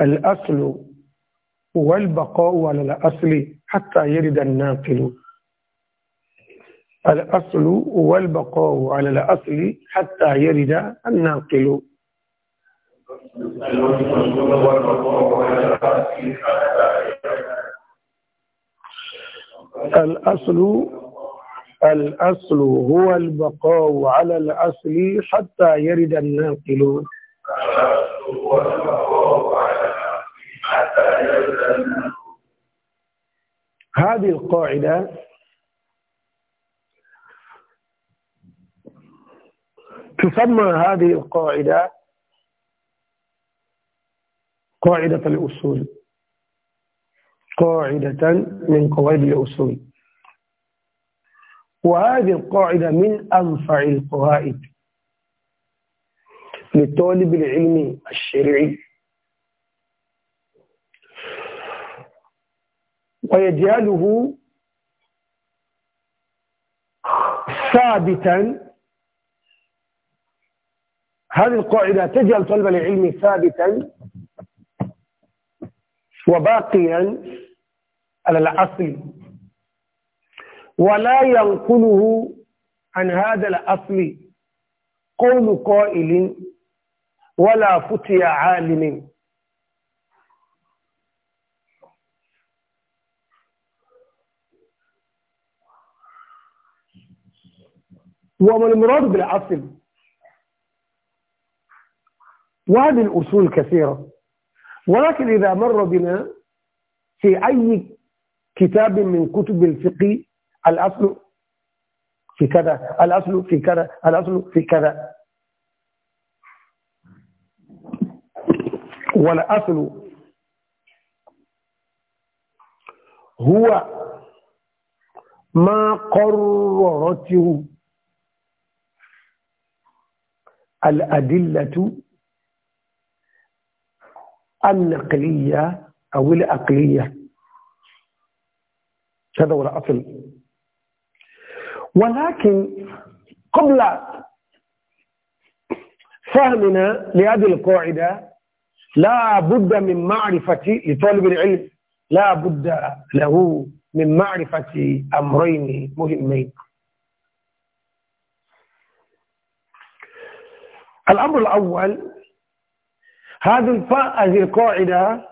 الأصل والبقاء على الأصل حتى يرد الناقل الأصل والبقاء على الأصل حتى يرد الناقل الأصل الأصل هو البقاء على الأصل حتى يرد الناقل هذه القاعدة تسمى هذه القاعدة قاعدة الأصول قاعدة من قواعد الأصول وهذه القاعدة من أنفع القواعد لطالب العلم الشرعي ويجعله ثابتا هذه القاعدة تجعل طلب العلم ثابتا وباقيا على الأصل ولا ينقله عن هذا الأصل قول قائل ولا فتي عالم وما المراد بالعصب وهذه الأصول كثيرة ولكن إذا مر بنا في أي كتاب من كتب الفقه الأصل في كذا الأصل في كذا الأصل في كذا والأصل هو ما قررته الأدلة النقلية أو الأقلية هذا هو الأصل ولكن قبل فهمنا لهذه القاعدة لا بد من معرفة لطالب العلم لا بد له من معرفة أمرين مهمين الأمر الأول هذه هذه القاعدة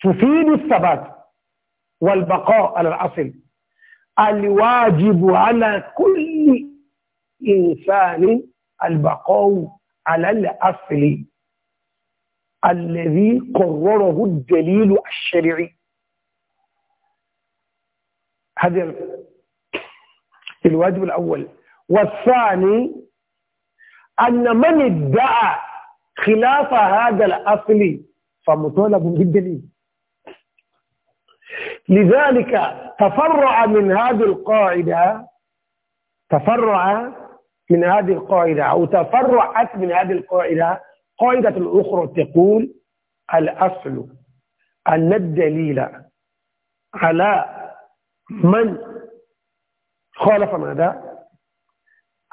تفيد الثبات والبقاء على الأصل الواجب على كل إنسان البقاء على الأصل الذي قرره الدليل الشرعي هذا الواجب الأول والثاني أن من ادعى خلاف هذا الأصل فمطالب بالدليل لذلك تفرع من هذه القاعدة تفرع من هذه القاعدة أو تفرعت من هذه القاعدة قاعدة أخرى تقول الأصل أن الدليل على من خالف ماذا؟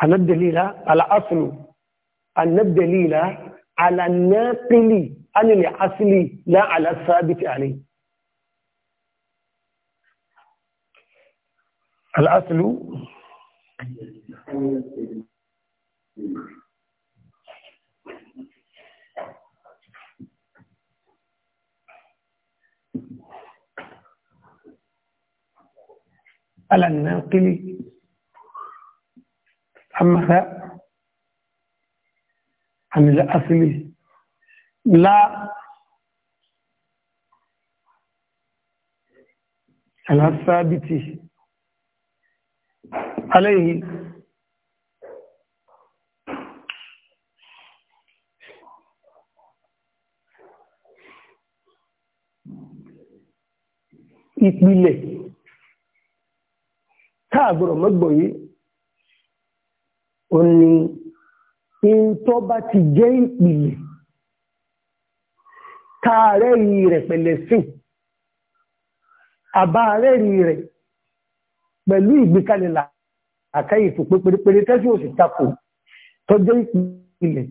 أن الدليل على أصل أن الدليل على الناقل عن الأصل لا على الثابت عليه الأصل على الناقل أما عن الأصل لا على الثابت عليه ìpìlẹ̀ táàgbọ̀rọ̀ mọ́gbọ̀nyí ó ní ìntọ́ bá ti jẹ́ ìpìlẹ̀ tààrẹ́ rí rẹ̀ pẹ̀lẹ̀ sí àbáàrẹ́ rí rẹ̀ pẹ̀lú ìgbékalẹ̀lá àkáyè tó pé tẹ́sí òsì tako tó jẹ́ ìpìlẹ̀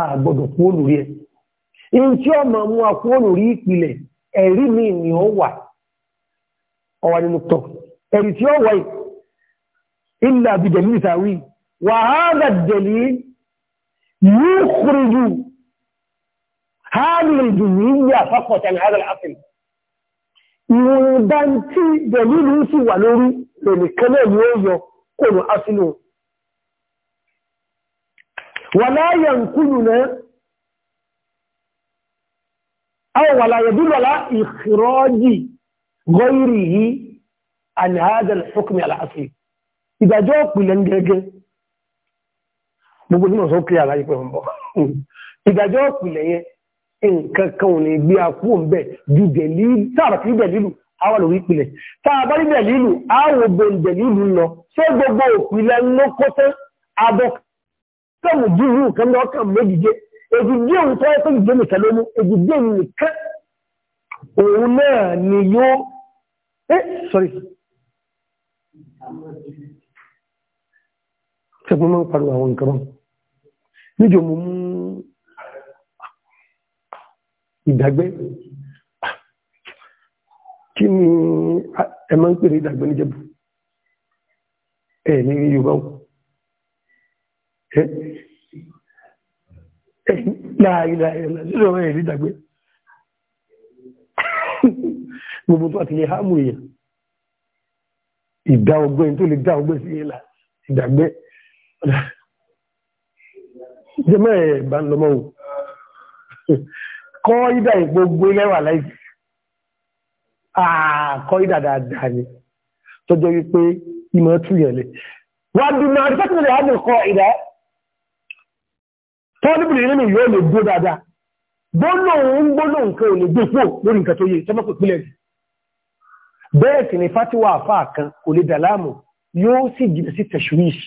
àgbọ̀dọ̀ kú ìpìlẹ̀ ẹ̀rí mi ni ó wà ọwà nínú tọ̀ ẹ̀rí tí وهذا الدليل يخرج هذه الجنية فقوة عن هذا العقل يودان في دليل يسي ولوري لن كما يوزو كل أصله ولا ينقلنا أو ولا يدل على إخراج غيره عن هذا الحكم على أصله إذا جاءك بلندقه gbogbo nínú ọ̀sán kí àlàyé pẹ̀lú ọ̀bọ̀ ìdájọ́ ìpìlẹ̀ yẹn nǹkan kan ò lè gbé apó ń bẹ̀ ju dẹ̀lí sáàrà sí dẹ̀lílù àwa lórí ìpìlẹ̀ tá a bá rí dẹ̀lílù àwọn òbò dẹ̀lílù lọ ṣé gbogbo ìpìlẹ̀ ló kó tán abọ́ sọ̀mù júwú kan lọ́ kàn méjìdé èdè díẹ̀ òun tó yẹ kó jẹ́ nìkan ló mú èdè díẹ̀ nìkan òun náà ni yóò eh sorry ṣe gbọ́n máa ń pariwo àwọn nǹkan báwọn níjọ mo mú ìdàgbẹ́ kí ni ẹ máa ń pèrè ìdàgbẹ́ níjẹ̀bù ẹ ní yorùbá wù ẹ láàrín lọ́rọ̀ ẹ̀rí ìdàgbẹ́ gbogbo tó àti lè hámù èèyàn ìdá ọgbẹ́ tó lè dá ọgbẹ́ sí ìlà ìdàgbẹ́ jẹ́mọ́ ẹ̀ bá ń lọmọ́ o kọ́ ìdá ìgbogbo ilẹ́wà láìsí àkọ́ ìdá dáadáa ni tọ́jọ́ wípé ìmọ̀ túyẹ̀lẹ̀ wà dùnmọ̀ àdìsẹ́kùnrin àmì kọ́ ìdá tọ́lùbìnrin nínú yóò lè gbó dáadáa gbólóhùn gbólóhùn kan ò lè gbé fò lórí nǹkan tó yẹ tọ́mọ́pẹ̀ pílẹ̀ rẹ̀ bẹ́ẹ̀ sì ni fátíwà àfáà kan kò lè dàlámù yóò sì jìnà sí tẹ̀ṣùwíṣì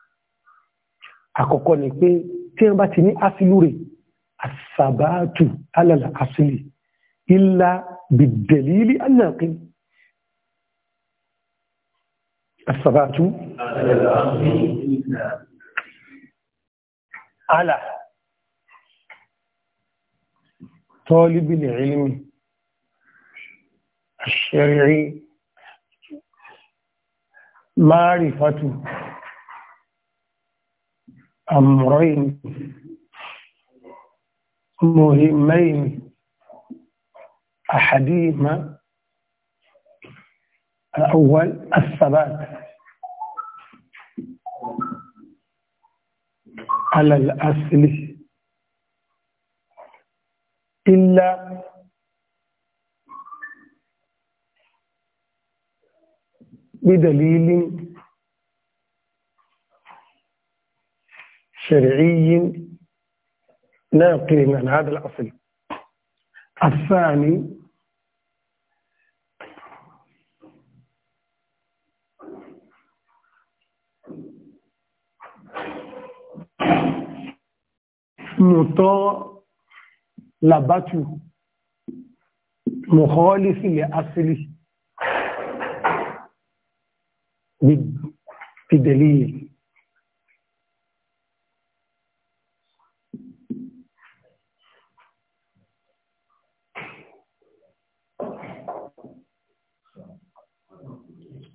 àkọ́kọ́ ni pé tí wọ́n bá ti ní asìlúre àsàbáàtù alàlà asìlì ilá bìdẹ̀lìlì anáàkín àsàbáàtù alà tọ́líbìlì ilmi àṣẹ́rẹ̀ máàrífàtù أمرين مهمين أحدهما الأول الثبات على الأصل إلا بدليل شرعي ناقل عن هذا الأصل الثاني مطالبة مخالف لأصله بدليل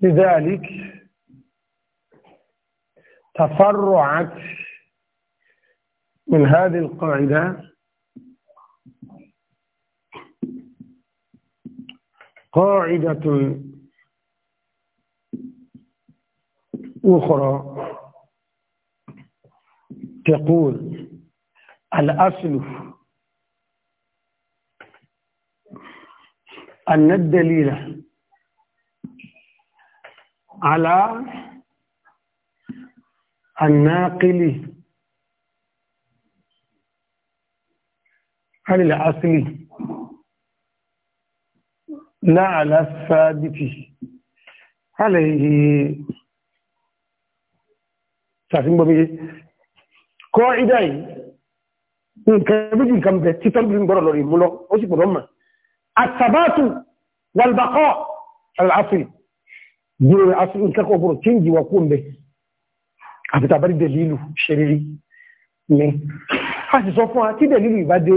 لذلك تفرعت من هذه القاعدة قاعدة أخرى تقول الأصل أن الدليل على الناقل على الأصل لا على الثابت عليه تفهم بي قاعدة إن كان كم تتر بين برا لوري ملو أشي برمة الثبات والبقاء الأصل bí asu nǹkan kan gbọ́dọ̀ change wa kó ń bẹ àti tàbí dẹ̀lílù ṣeré ni a sì sọ fún wa tí dẹ̀lílù ìbá dé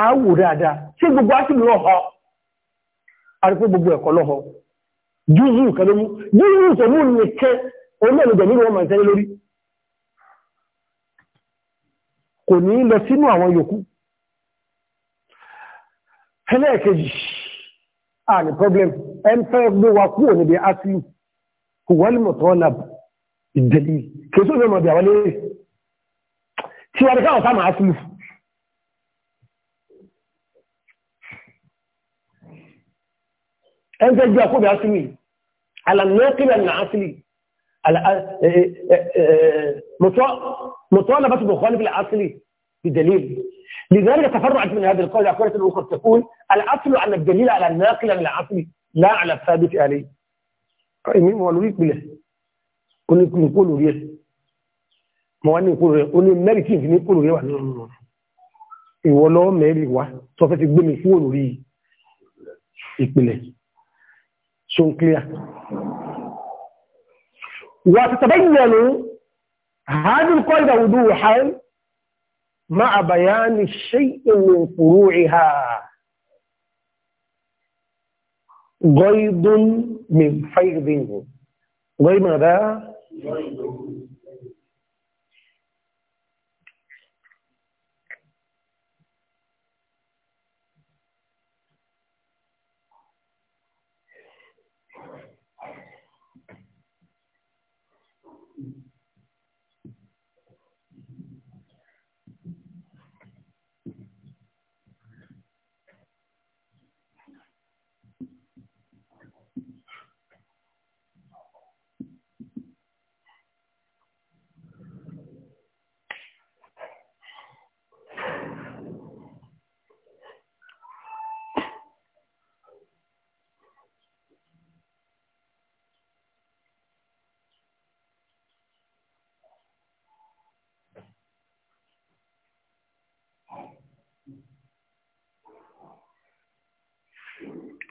a wò dáadáa ṣé gbogbo aṣílù lọ́họ a rí pé gbogbo ẹ̀kọ́ lọ́họ júùsù kan ló mú júùsù tó mú nìkẹ́ olóòlù dẹ̀lílù wọn máa ń tẹ́lẹ̀ lórí kò ní lọ sínú àwọn a ní problem انفر بوافو نبي اسي هو المطالب بالدليل كيسو زي ما بيعملي تي عليك او سامع اسلف انت جا اخو بياسمي على الناقل العقلي على مطالبة مخالف العقلي بدليل لذلك تفرعت من هذه القاعدة قولة الأخرى تقول الأصل أن الدليل على الناقل العقلي láàlá sábẹ́tì alẹ́ èmi mọ̀ lórí ìpìlẹ̀ ó ní kí n kó lórí ẹ̀ mọ̀ wá ní ìkó rẹ̀ ó ní mẹ́rin tí n fi ní kó lórí ẹ̀ wà nínú ọ̀rọ̀ ìwọ lọ́wọ́ mẹ́rin wá ti gbé mi kúrò lórí ìpìlẹ̀ so n clear wà tàbáyẹ̀nù hádùn kọ́ ìdàwùdú wà hàn غيض من فيض غيض ماذا؟ Thank you.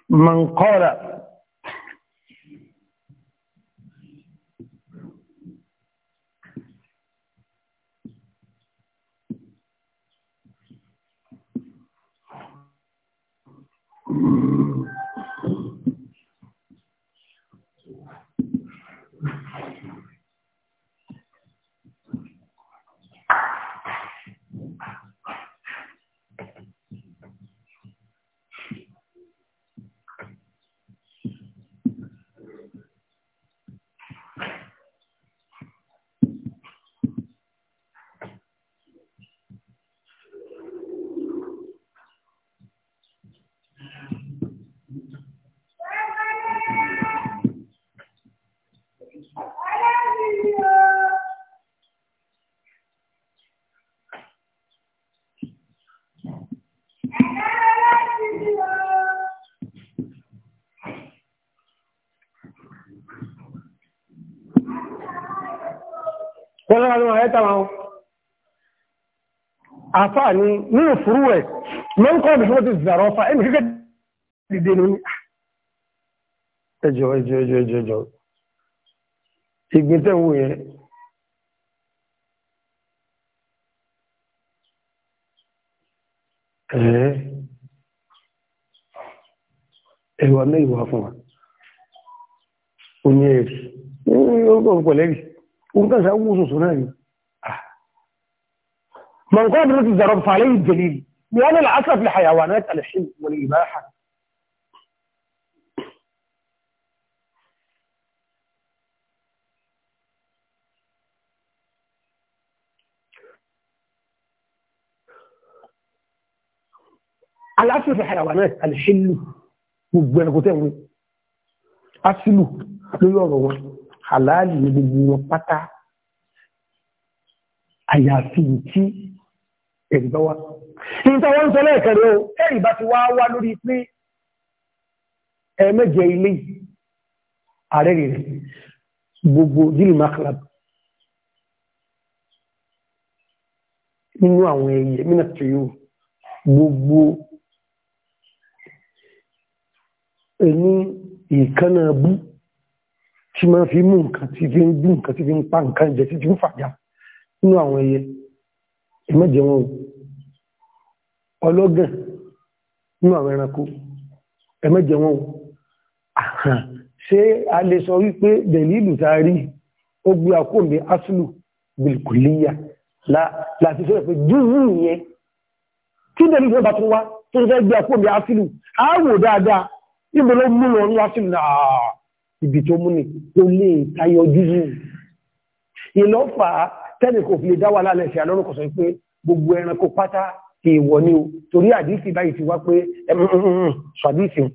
من قال wọ́n lára lọ́wọ́ ẹ̀ẹ́ta wọn àfà ní nínú fúrú ẹ̀ mọ́nkọ́ bí wọ́n ti zàrọ̀ ọfà ẹni kíkẹ́ dìde ní ẹjọ́ ẹjọ́ ẹjọ́ ẹjọ́ ẹjọ́ ìgbìntẹ̀ wò yẹn ẹ̀ẹ́ ẹ̀wà mẹ́wàá fún wa ó ní ẹ̀rí ó ń pọ̀lẹ́rìí وده kàn ثنائي من قبل ni منقوب التي ضرب فعليه الدليل لأن العسف في الحيوانات والإباحة العسل في الحيوانات الحل والبنكوتين أسلوه ليورو halali ní gbogbo wọn pátá àyàfi tí ẹ̀rí bá wá. Ìta wọ́n ń sọ lẹ́ẹ̀kẹ̀rẹ̀ o, ẹ̀rí bá ti wá wá lórí pé ẹ̀mẹ́jẹ ilé ààrẹ rẹ̀ gbogbo jílì maklab nínú àwọn ẹ̀yẹ mínàtìyó gbogbo ẹni ìkànnà bú tí máa fi mú nǹkan tí fi ń dún nǹkan tí fi ń pa nǹkan jẹ tí fi ń fàjà nínú àwọn ẹyẹ ìmọ̀jẹ̀ wọn o ọlọ́gàn nínú àwọn ẹranko ẹmọ́jẹ̀ wọn o ṣé a lè sọ wípé dẹ̀lílù tá a rí ó gbé akóǹbé aslu bilkuliya láti sọ pé júwú yẹn tí dẹ̀lílù bá tún wá tó fẹ́ gbé akóǹbé aslu á wò dáadáa níbo ló mú wọn wá sínú náà ibi tó múni tó lè e, tayọ jújù ìlọ́fà tẹ́lẹ̀ kò fi lè dáwà lálẹ́ sí alọ́rùn kọ̀sọ̀ pé gbogbo ẹranko pátá ti wọ̀ ní o torí àdísì báyìí ti wá pé ṣàdísì mm, mm, mm,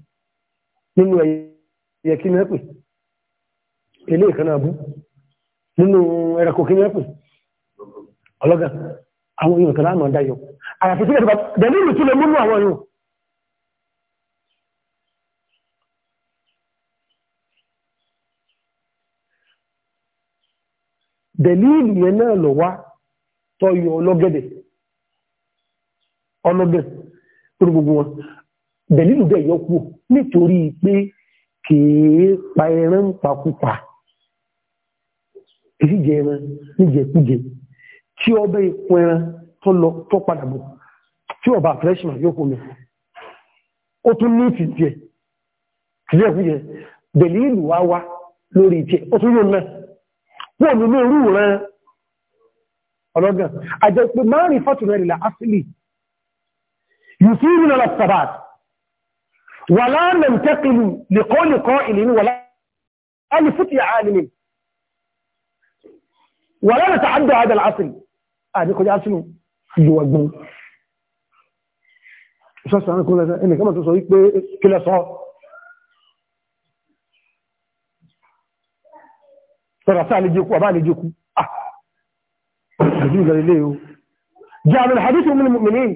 nínú ẹyẹ kí mẹ́pẹ̀ ilé ìkanáàbú nínú ẹranko kí mẹ́pẹ̀ ọlọ́gà àwọn èèyàn dẹ̀líìlì yẹn náà lọ wá tọ́yọ ọlọ́gẹ̀dẹ̀ ọlọ́gẹ̀ orí gbogbo wọn dẹ̀líìlì bẹ́ẹ̀ yọ kú nítorí pé kìí pa ẹran pakúpa èyí jẹ ẹran níjẹkújẹ tí ọbẹ̀ ipò ẹran tó lọ tó padà bọ̀ tí ọba freshman yóò kó mi ó tún ní ìtìjẹ tìjẹkújẹ dẹ̀líìlì wá wá lórí ìtìjẹ ó tún yóò náà kúrò nínú irú rẹ ọlọ́gán àjẹpẹ márùn fọ́tùnrẹ̀ ìlà asìlì yùsùrù lọ́la sabat wà láàrín tẹ́kìlù lẹ́kọ́lẹ́kọ́ ìlú wà láàrín fútì àálìmì wà láàrín tààdọ̀ àdàl asìlì àdíkọjá asìlù ìwọ̀gbọ̀n sọ̀rọ̀ sáà lè jẹ́kú àbá lè jẹ́kú ah! àjú ìgbà ilé o jàmìl hadith min mu'minin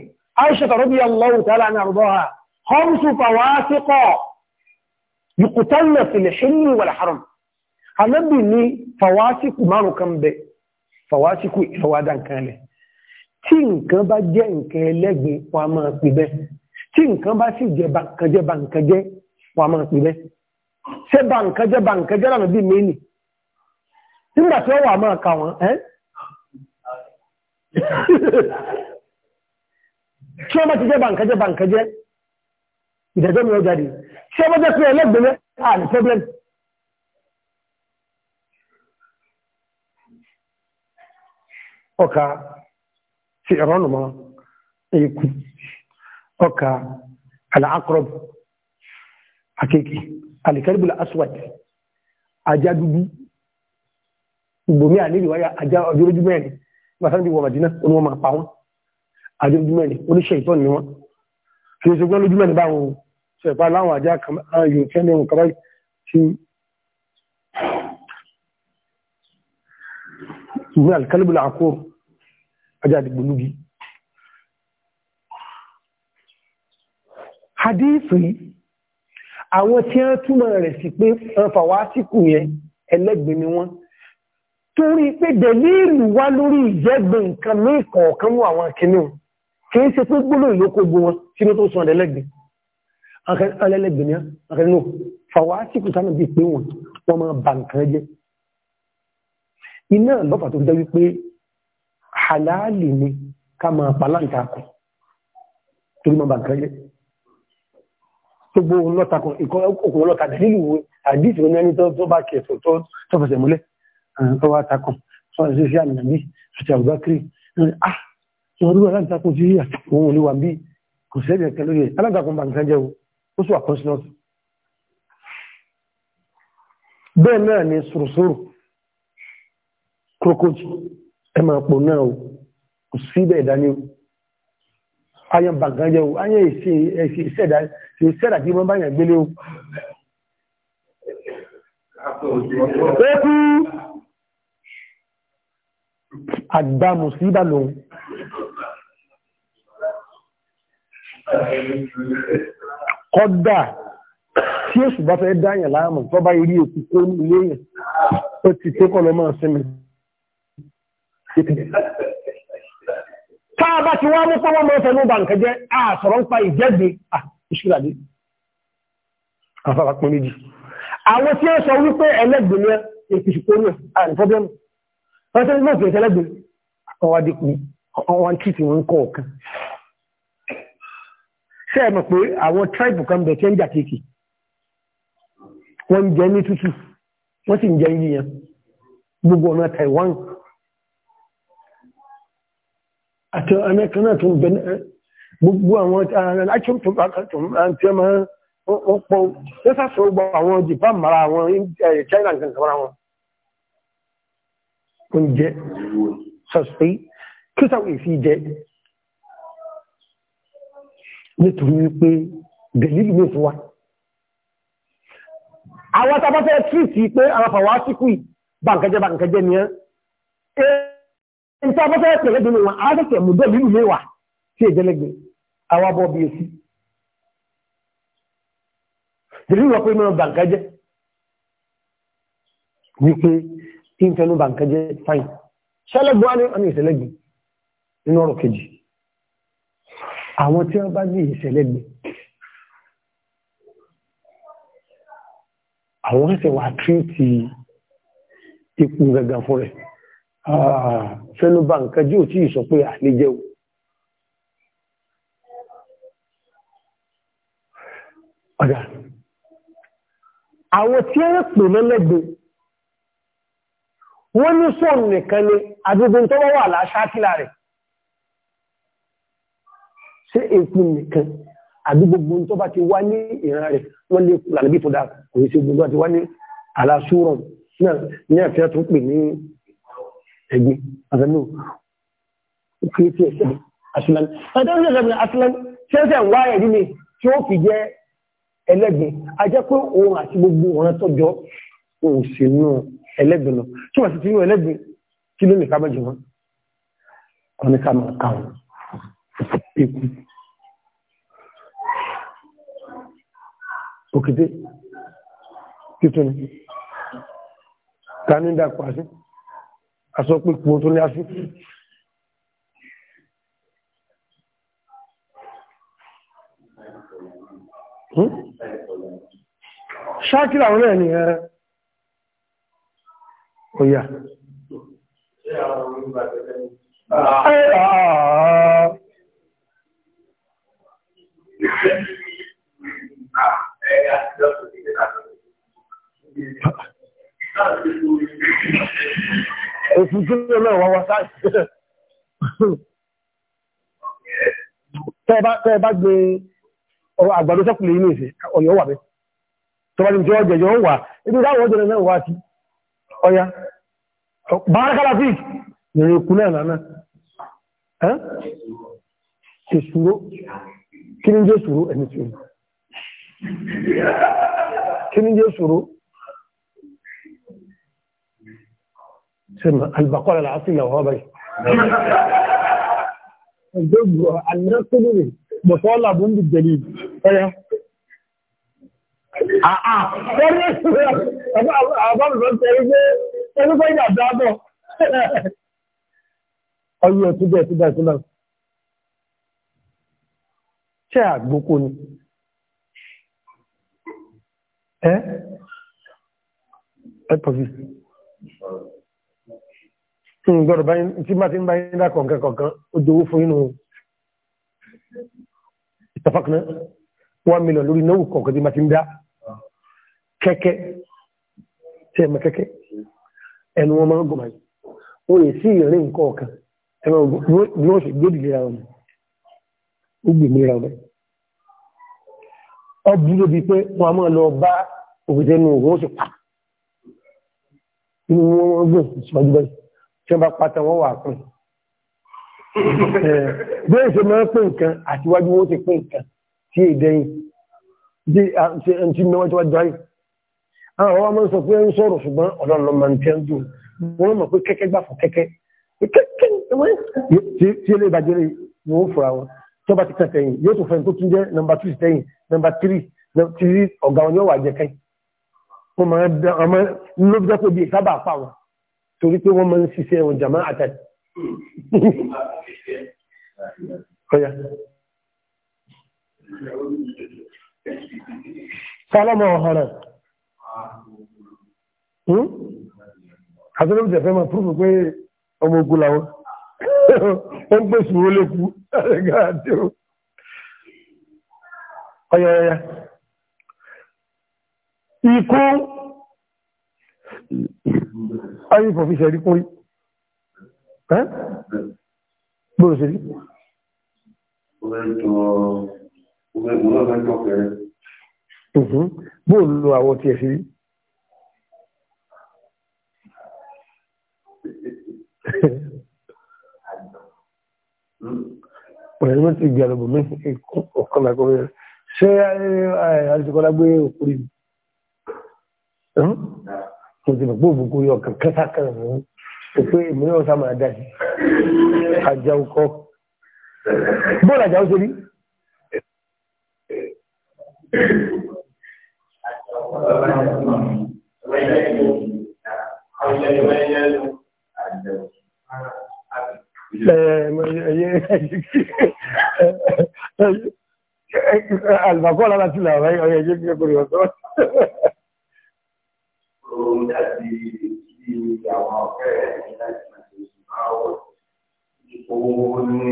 aisha radiyallahu ta'ala anha ardaha khamsu fawasiqa yuqtalna fil hilli wal haram anábì ní fawasiqu márùn kan bẹ fawasiqu ìfọwádà nǹkan lẹ tí nǹkan bá jẹ́ nǹkan ẹlẹ́gbin wọn a máa pè bẹ́ẹ̀ tí nǹkan bá sì jẹ́ bankanjẹ́ bankanjẹ́ wọn máa pè bẹ́ẹ̀ ṣé bankanjẹ́ bankanjẹ́ lànà bí mẹ́rin nígbà tí ó wà máa ka wọn ẹ́ tí ó má ti jẹ́ bàǹkẹ́jẹ́ bàǹkẹ́jẹ́ ìdájọ́ mi ó jáde tí ó bá jẹ́ pé ẹlẹ́gbẹ̀ẹ́ à problem ọkà ti ìrọ́nùmọ́ ikú ọkà al'akọrọ̀ àkèkè alìkẹ́rìbìlà aswad ajá dúdú ìgbòmí àníbi wáyà ajá ọjọ́ ojú mẹ́rin gbàtà ní wọ màdínà ó ní wọ́n máa pa wọ́n ajá ojú mẹ́rin oníṣẹ́ ìtọ́ ni wọ́n kì í ṣe gbọ́n lójú mẹ́rin báwọn o ṣe ìpa láwọn ajá yóò tẹ́ ní nǹkan báyìí tí ìwé àlìkálíbùlà àkóò ajá àdìgbò lógi hadithi àwọn tí wọ́n túmọ̀ rẹ̀ sí pé ọ̀fà wá síkù yẹn ẹlẹ́gbẹ̀ẹ́ ni wọ́n torí pé dẹ̀líìlù wá lórí ìjẹ́gbẹ̀ nǹkan ní ìkọ̀ọ̀kan mú àwọn akínú kì í ṣe pé gbóló ìlókò gbó wọn kí ló tó sọ ọ̀lẹ́lẹ́gbẹ̀ alẹ́lẹ́gbẹ̀ ní àkẹ́lẹ́nù fàwọ́ àsìkò sáà ni ká máa paláǹta kù torí máa bà nǹkan jẹ́ gbogbo òun lọ́ta kan ìkọ́ òkùnrin lọ́ta dẹ̀líìlù àdìsí ní ẹni tó bá kẹsàn tó fẹsẹ̀ múlẹ̀ tó wá takùn sọ ẹ̀sẹ̀ sí àmì àti àbúbákiri ah ìwọ̀n olúwa aláǹtakùn sí àtàkùn olúwa bí kò sẹ́ni ẹ̀kẹ́ lórí ẹ̀ aláǹtakùn bá nǹkan jẹ́ o ó sì wà conscious bẹ́ẹ̀ náà ni sùrùsùrù kókòtù ẹ máa pò náà o kò sí bẹ́ẹ̀ dání o ayọ̀ bàǹkan jẹ́ o ayọ̀ ìṣẹ̀dá tí wọ́n bá yàn gbélé o. Ekú àgbà mùsíbà lòun kọ́dà tí èṣù bá fẹ́ dáyàn láàmù tó bá irí òkú kó ní ilé yẹn ó ti tẹ́kọ̀ lọ máa sinmi táà bá ti wá mú pé wọ́n máa fẹ́ ní bàǹkẹ́ jẹ́ àṣọ̀rọ̀ ń pa ìjẹ́gbẹ̀ ah, ìṣúlàdé àfàràpọ̀ méjì àwọn tí ó sọ wípé ẹlẹ́gbẹ̀ẹ́ èkìṣùkórí àìfọ́bẹ́mù wọ́n tẹ́lẹ̀ mọ́ ìfẹ́ tẹ́lẹ́gbẹ̀ ọwá dínkù ọwá tí ti kọ́ ọ̀kan ṣe é mọ̀ pé àwọn tribe kan bẹ̀ tẹ́ ń jà kéèkì wọ́n ń jẹ ní tútù wọ́n sì ń jẹ yíyan gbogbo ọ̀nà Taiwan àti a náà tún bẹ̀ gbogbo àwọn àti ọmọ wọn pọ̀ wọ́n gbọ́ àwọn Japan mara àwọn China nǹkan kan mara wọn oúnjẹ sosai kí sàwọn èfi jẹ nítorí wípé gẹ̀lìlì ló fi wá àwọn tàbátẹ́ tírìtì pé àwọn fàwọ́ síkú bàǹkẹ́jẹ́ bàǹkẹ́jẹ́ ni ẹ́ tàbátẹ́ pẹ̀lẹ́ dínú wọn àwọn tẹ̀sẹ̀ mú gẹ̀lìlì mẹ́wàá sí ìjẹ́lẹ́gbẹ̀ àwọn tí ń fẹnu bàǹkẹ́ jẹ́ fine ṣẹlẹ́gbẹ́ wá ní ọ̀nà ìṣẹ̀lẹ́gbẹ́ nínú ọ̀rọ̀ kejì àwọn tí wọ́n bá ní ìṣẹ̀lẹ́gbẹ́ àwọn ẹsẹ̀ wà tírìtì ipò gangan fún rẹ̀ ah. Ah, fẹnu bàǹkẹ́ jẹ́ òtí ìsọ pé àlejẹ́ o àwọn tí wọ́n pè lọ́lẹ́gbẹ̀ẹ́ wọ́n ní sóòn nìkan ni agbègbè tó wọ́wọ́ àláṣákìlá rẹ̀ ṣé èkú nìkan àbí gbogbo tó bá ti wá ní ìran rẹ̀ wọ́n lè lànà bí tó dá kò sí gbogbo àti wá ní aláṣúrọ̀ náà ní ẹ̀fẹ́ tó pè ní ẹgbẹ́ àfẹ́nú kìrìtì ẹ̀sẹ̀ aslan ẹ̀dọ́n ní ẹlẹ́gbìn lọ tí wọ́n sì ti yún ẹlẹ́gbìn kí ló ní ká mẹ́jọ wọn wọn ní ká máa ká wọn ikú òkété títún ní ká ní dàpọ̀ àti aṣọ pípò tó ní aṣí ṣáàkiri àwọn ẹ̀yìn ẹ̀rẹ́ ó yà. tí ó lọ́wọ́ wá sáà tẹ́ bá gbé ọwọ́ àgbàdo sẹ́kùnlé inú ìsẹ̀ ọ̀yọ́ wà bẹ́. Tọ́bá ní jọ́ jẹjọ́ wà, ibi láwọn ọjọ́ náà wà sí ọya bárakàlá fi èrè ìkúnlẹ̀ ìlànà ẹ́ ṣèṣúró kí ní jẹ́ ṣúró ẹni tí ó kí ní jẹ́ ṣúró sẹ́mà albàkọ́lá láti ilẹ̀ ọ̀họ́ báyìí ẹgbẹ́gbọ́ alẹ́kùnrin mọ̀sọ́lá Ọyọ́ ẹ̀túbẹ̀ ẹ̀túbẹ̀ ẹ̀túbẹ̀. Ṣé àgbókò ni? Ẹ́ ẹ̀pọ̀sí. Tí ń gbọ́dọ̀ báyìí, tí máa ti ń báyìí dá kọ̀ọ̀kan kọ̀ọ̀kan, ó jowó fún inú ìtàfàkùnrin, wọ́n mílọ̀ lórí náà kọ̀ọ̀kan tí máa ti ń dá kẹ́kẹ́ tí ẹmọ kẹ́kẹ́ ẹnu wọn máa ń gọmọ yìí wọn yìí sí ìrìn nǹkan ọ̀kan ẹmọ bí wọ́n ṣe gbódì lera wọn ó gbè mí ra wọn ọ dúró bíi pé wọn a máa lọ bá òkúta inú òun ó sì pa inú wọn wọn gbè síwájú báyìí tí wọn bá pata wọn wà pín bí èsì máa ń pín nǹkan àtiwájú wọn ó ti pín nǹkan tí èdè yìí tí ẹni tí mẹwàá tí wọn dọ àwọn ah, ọmọ máa ń sọ pé ń sọ̀rọ̀ ṣùgbọ́n ọ̀dọ́ lọ máa ń tẹ́ ń dùn wọ́n mọ̀ pé kẹ́kẹ́ gbà fún kẹ́kẹ́ kẹ́kẹ́ tí ilé ìbàjẹ́ rẹ̀ ni wọ́n fura wọn tó bá ti tẹ̀ tẹ̀yìn yóò tún fẹ́yìn tó tún jẹ́ nọmba two tẹ̀yìn nọmba three tí ọ̀gá wọn yóò wà jẹ kẹ́yìn wọ́n máa ń dá ọmọ ló bí dákò bí sábà pa wọn torí pé wọ́n máa ń ṣiṣẹ́ wọn jàmá àtàdé. Salamu ọ̀họ̀rọ̀. Hmm? àtúntò ìjẹ́ fẹ́ máa púrúfù pé ọmọ ogun làwọn ó ń gbèsè owó lẹ́kú gáàdì ó ọ̀yọ̀yọ̀yà ikú ayé ìfọ̀fíṣẹ̀ rí kún rí gbọ́rọ̀ sí rí. Ó fẹ́ jọ ó fẹ́ jọ fẹ́rẹ́. Mhm. bó lo àwọ̀ tiẹ̀ sí rí. pẹ̀lú mẹ́tì ìgbà lọ́bọ̀ mi ọ̀kan lákọ́ mi ṣé àṣekọ́lá gbé òkú rí mi. mo ti mọ̀ pé òbúkú yọ ọ̀kan kẹta kan o pé èmi náà sá máa dá sí ajáwó kọ́. bóòlù ajáwó ṣe rí. Àlùbákọ́ lára sí làwọn ọ̀rẹ́ ọ̀yẹ́ jẹ́ kí ẹkùnrin ọ̀tọ́. Oòrùn dàbí ìdí àwọn ọ̀fẹ́ ẹ̀ láti máa ṣe ìgbà ọ̀rọ̀. Owó ní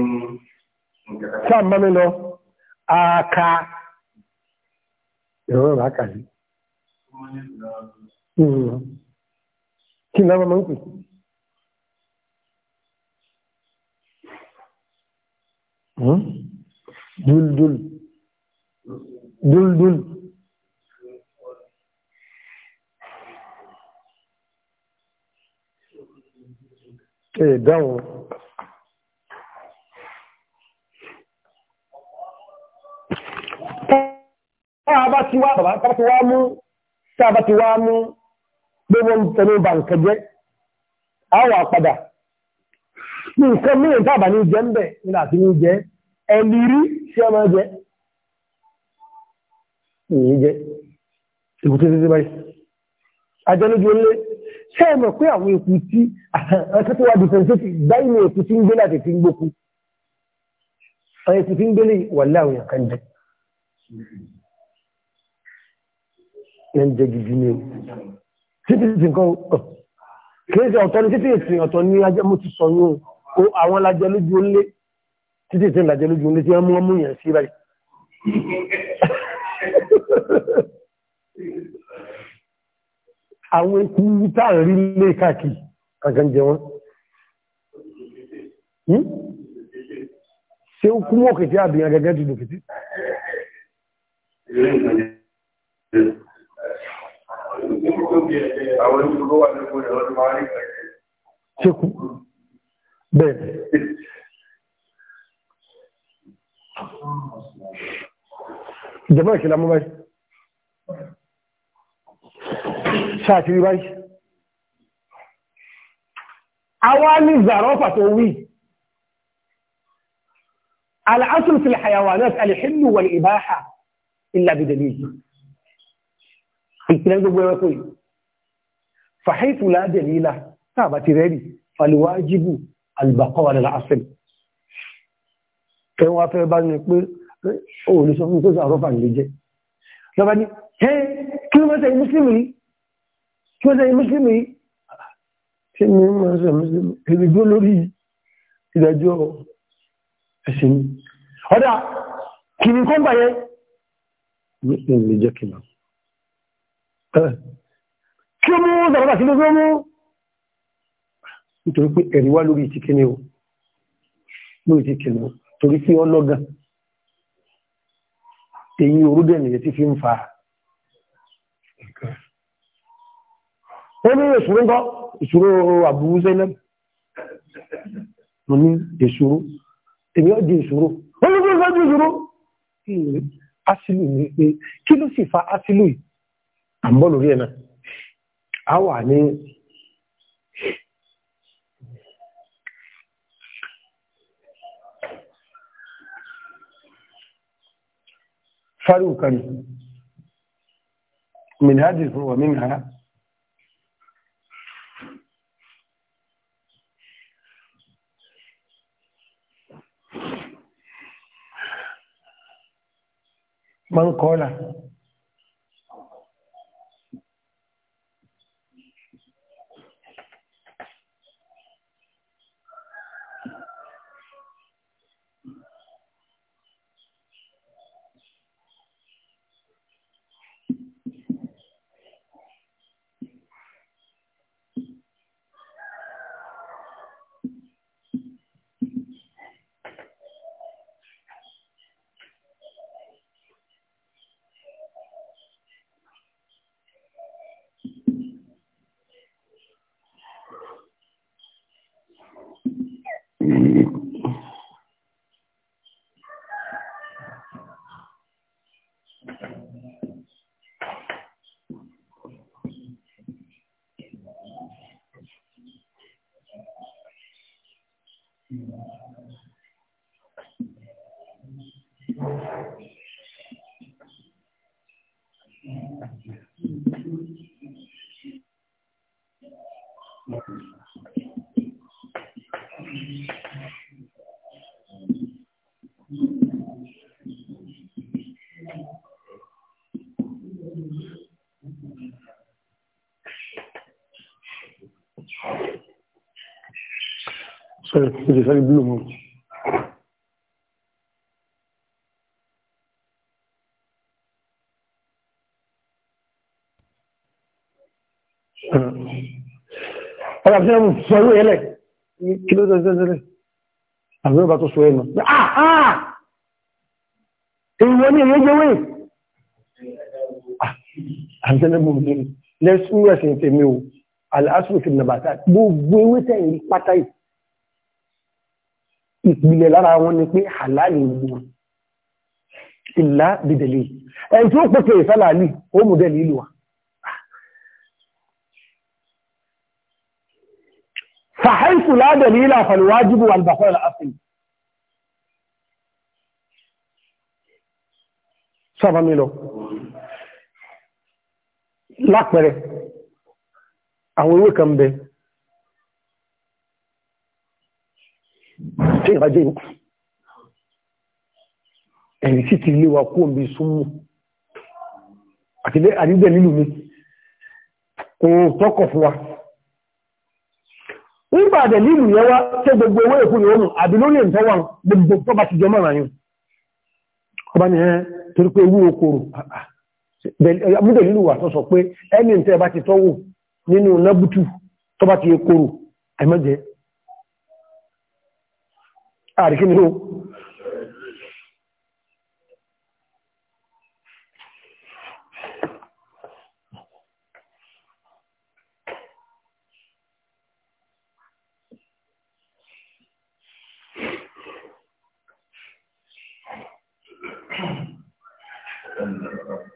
nǹkan. Sáà mọ́ mi lọ, àkà. Ìrọ̀rùn àkà yìí kí ni a máa ń pè hmm? dúldúl dúldúl ẹ̀dáwọn Tá a bá ti tá a bá ti wá sábà ti wá mú pé wọ́n tẹnu bà nǹkan jẹ́ àwọ̀ àpadà ní nǹkan mìíràn tàbà ní jẹ́ ń bẹ̀ nílà sí ní jẹ́ ẹni rí sí ọmọ jẹ́ ìyí jẹ́ ìkùtí títí báyìí ajẹ́lójú olé ṣé ẹ mọ̀ pé àwọn èkútí ẹ̀kọ́ tó wà dìfẹ̀nsẹ́tì báyìí ni ń gbé láti fi ń gbókú yẹn ń jẹ gidi ni o citizen kan kìí ṣe ọ̀tọ̀ ni citizen ọ̀tọ̀ ni ajẹ́ mo ti sọ yún o àwọn lajẹ lójú ńlé citizen lajẹ lójú ńlé tí wọ́n mú ọmú yẹn sí báyìí. àwọn ikú tá à ń rí lé káàkiri kankan jẹ wọn. Hmm? ṣé ó kú mọ́ kìtì àbíyàn gẹ́gẹ́ dùdù kìtì. Thank you. شكرا جمعك لما ماي شاكري باي اواني زرافة ووي الاصل في الحيوانات الحل والاباحة الا بدليل fàhífù ládẹ̀lílà tàbà ti rẹ̀rì fàlìwájíbù albàkọ́ alẹ́lá asẹ́l ẹwọ́n afẹ́ bá ní pé o ní sọ fún kóso àrọ́fà ní jẹ́ lọ́bá ní ẹ́ kí ló mẹ́sẹ̀ mùsùlùmí yìí kí ló mẹ́sẹ̀ mùsùlùmí yìí kí ni kí ó mú sàbábà sí lórí mú nítorí pé ẹ̀rí wá lórí ti kíní o lórí ti kíní o torí pé ọlọ́gàn èyí orúdẹ̀ nìyẹ tí fi ń fa ó ní ìṣòro ń kọ́ ìṣòro àbúrú sẹ́lẹ̀ mo ní ìṣòro èmi ọ́ di ìṣòro ó ní kí ó sọ́jú kí ló sì fa asìlù yìí à lórí ẹ̀ او عليه ní فاروقا من هذه ومنها من قال sorry ìdí sẹ́ni blue moon. Uh, ọ̀rọ̀ àti ẹ̀mù sọ̀rọ̀ ẹ̀lẹ̀ kí ló tẹ́ tẹ́lẹ̀ àbúrò bá tó sọ ẹ̀mù àà ah, ah! èèwọ̀ ní èyẹ́ jẹ́wé àjẹ́lẹ́mù lẹ́sùn a tèmi o aláàsùn ìfìdínàbàtà gbogbo ewé tẹ̀yìn pátá yìí ìpìlẹ̀ lára wọn ni pé àláàlì ìgbìmọ̀ ìlà bìdẹ̀lẹ̀ ẹni tí ó pẹ̀kẹ̀ ìsálàálì ó mú dẹ̀lẹ̀ ìlú wa fàáìsù ládẹ̀lẹ̀ ìlà fàlúwájúbù albàfẹ́ tí ìbájẹ́ ìkú ẹ̀rí sí ti ilé wa kó omi súnmù àtìlẹ́ àdígbẹ̀ lílù mi kò tọ́kọ̀ fún wa nígbà àdẹ̀ lílù yẹn wá tẹ́ gbogbo owó èkú ni oòrùn àbí lórí ìtọ́wà gbogbo tó bá ti jọ mọ́ra yìí ọba ni ẹ́ torí pé owó okòrò àbúdẹ̀ lílù wà tó sọ pé ẹni tẹ́ bá ti tọ́wò nínú nábùtù àríkí nínú Thank you.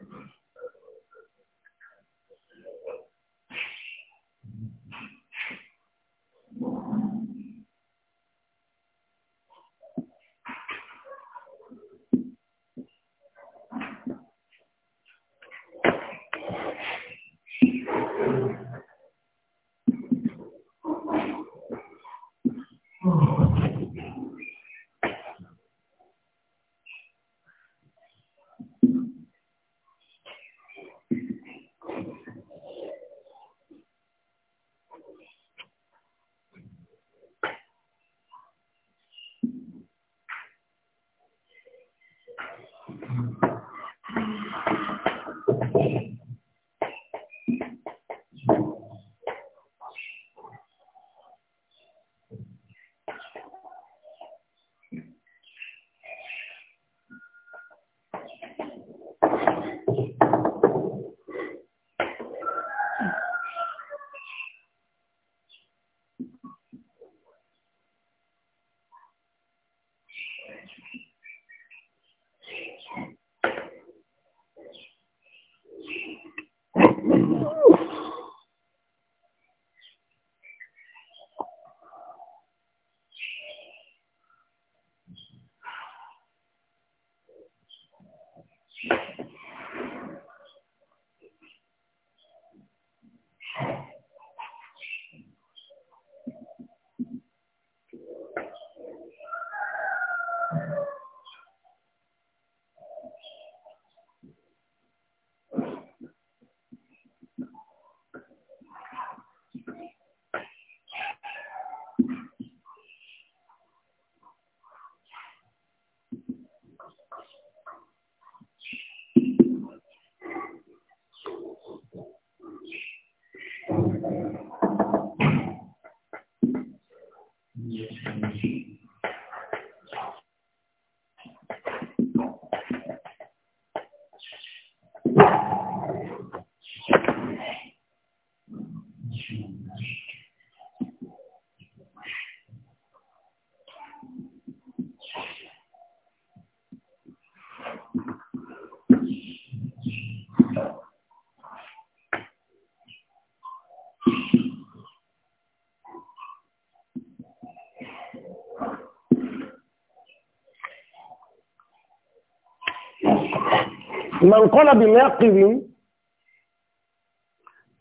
من قال بناقض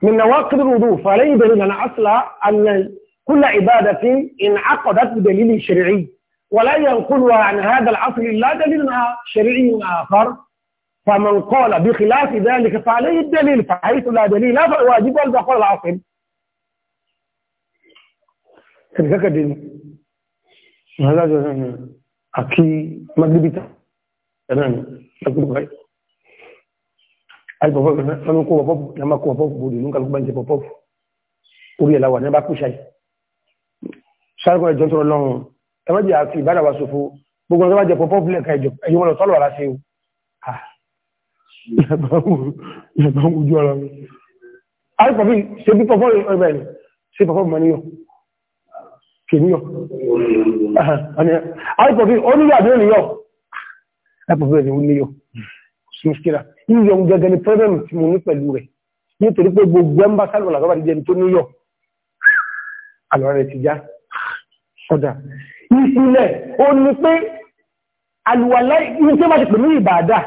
من نواقض الوضوء فعليه دليل أصل أن كل عبادة انعقدت بدليل شرعي ولا ينقلها عن هذا الأصل إلا دليل شرعي آخر فمن قال بخلاف ذلك فعليه الدليل فحيث لا دليل فالواجب واجب ولا كذلك العاصم هذا أكيد مغربي ẹ̀nà ẹgbẹ́ báyìí àti pọ̀pọ̀ ẹ̀nà kó pọ̀pọ̀ ní a máa kó pọ̀pọ̀ bòdì ní kálukú bá ń jẹ pọ̀pọ̀ orí ẹ̀là wà ní bá kúṣà yìí sáré ẹjọ́ tó lọ́rùn ẹ má jẹ́ àfi ìbára wa ṣòfò gbogbo ọjọ́ bá jẹ pọ̀pọ̀ fúlẹ̀ ká ẹjọ́ ẹ̀yọ́ wọn tọ́lọ̀ ara ṣe o yàtọ̀ ń wojú ara wọn àti pọ̀pọ̀ ṣe bí pọ̀pọ̀ ọ̀rẹ́ bẹ́ẹ̀ ni ṣe pọ̀pọ̀ mọ́ níyọ̀ kì níyọ̀ àti pọ̀pọ̀ ó níyọ̀ àbí ó níyọ̀ lápapọ̀ ẹ̀sìn ó níyọ ṣùgbọ́n yíyọ gẹ́gẹ́ ni pẹ́rẹ́mù tí mo ní pẹ̀lú rẹ̀ nítorí pé gbogbo ẹmbá sálùmọ̀ làkọ́bà ti jẹni tó níyọ àlọ́rọ̀ rẹ̀ ti já ọ̀dà ìsìnlẹ̀ ó ní pé àlùwàlá ní tí ó bá ti pè ní ìbàdà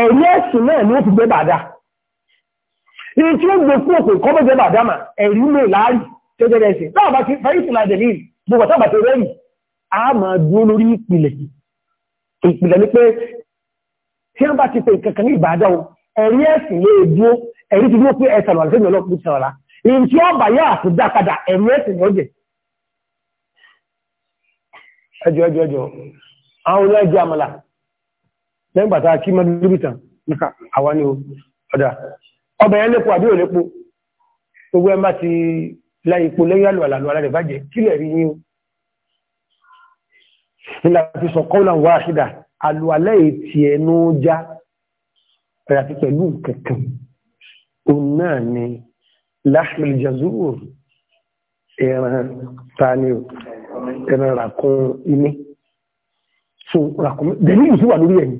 ẹ̀rí ẹ̀sùn náà ni ó fi gbé bàdà ní tí ó gbé fún òpè kọ́ bẹ́ẹ̀ bàdà mà ẹ̀rí mè láàrí tí ó jẹ́ ẹ̀sìn táwọn bá ti fẹ́ ìsìnlẹ̀ àdẹ̀lì ìpìlẹ̀ ní pé tí wọ́n bá ti pè kankan ní ìbádà o ẹ̀rí ẹ̀sìn lè dúó ẹ̀rí ti dúó pé ẹ̀sà lọ́wọ́ sí ìlọ́pù ti sọ̀rọ̀ ìyẹn tí wọ́n bá yá àtúndà padà ẹ̀rí ẹ̀sìn ni ó jẹ́ ẹjọ́ ẹjọ́ ẹjọ́ àwọn olóò ẹjọ́ àmàlà lẹ́yìn bàtà kí mọ́ lóbi tàn níka àwa ni ọ̀dà ọbẹ̀ yẹn lépo àbí òlépo gbogbo ẹ̀ bá ti láyé ipò lẹ́yìn àlùwàlà àlùwàlà rẹ̀ bàjẹ́ kílẹ̀ rí yín nílá fi sọ kọ́ọ̀lá wáṣídà alùwàlẹ́ ètì ẹnu já àyàfi pẹ̀lú kẹ̀kàn òun náà ni láhìlì jazúrù ẹran tani ẹran ràkún iní so ràkún dẹ̀lú ìsú wà lórí ẹ̀yìn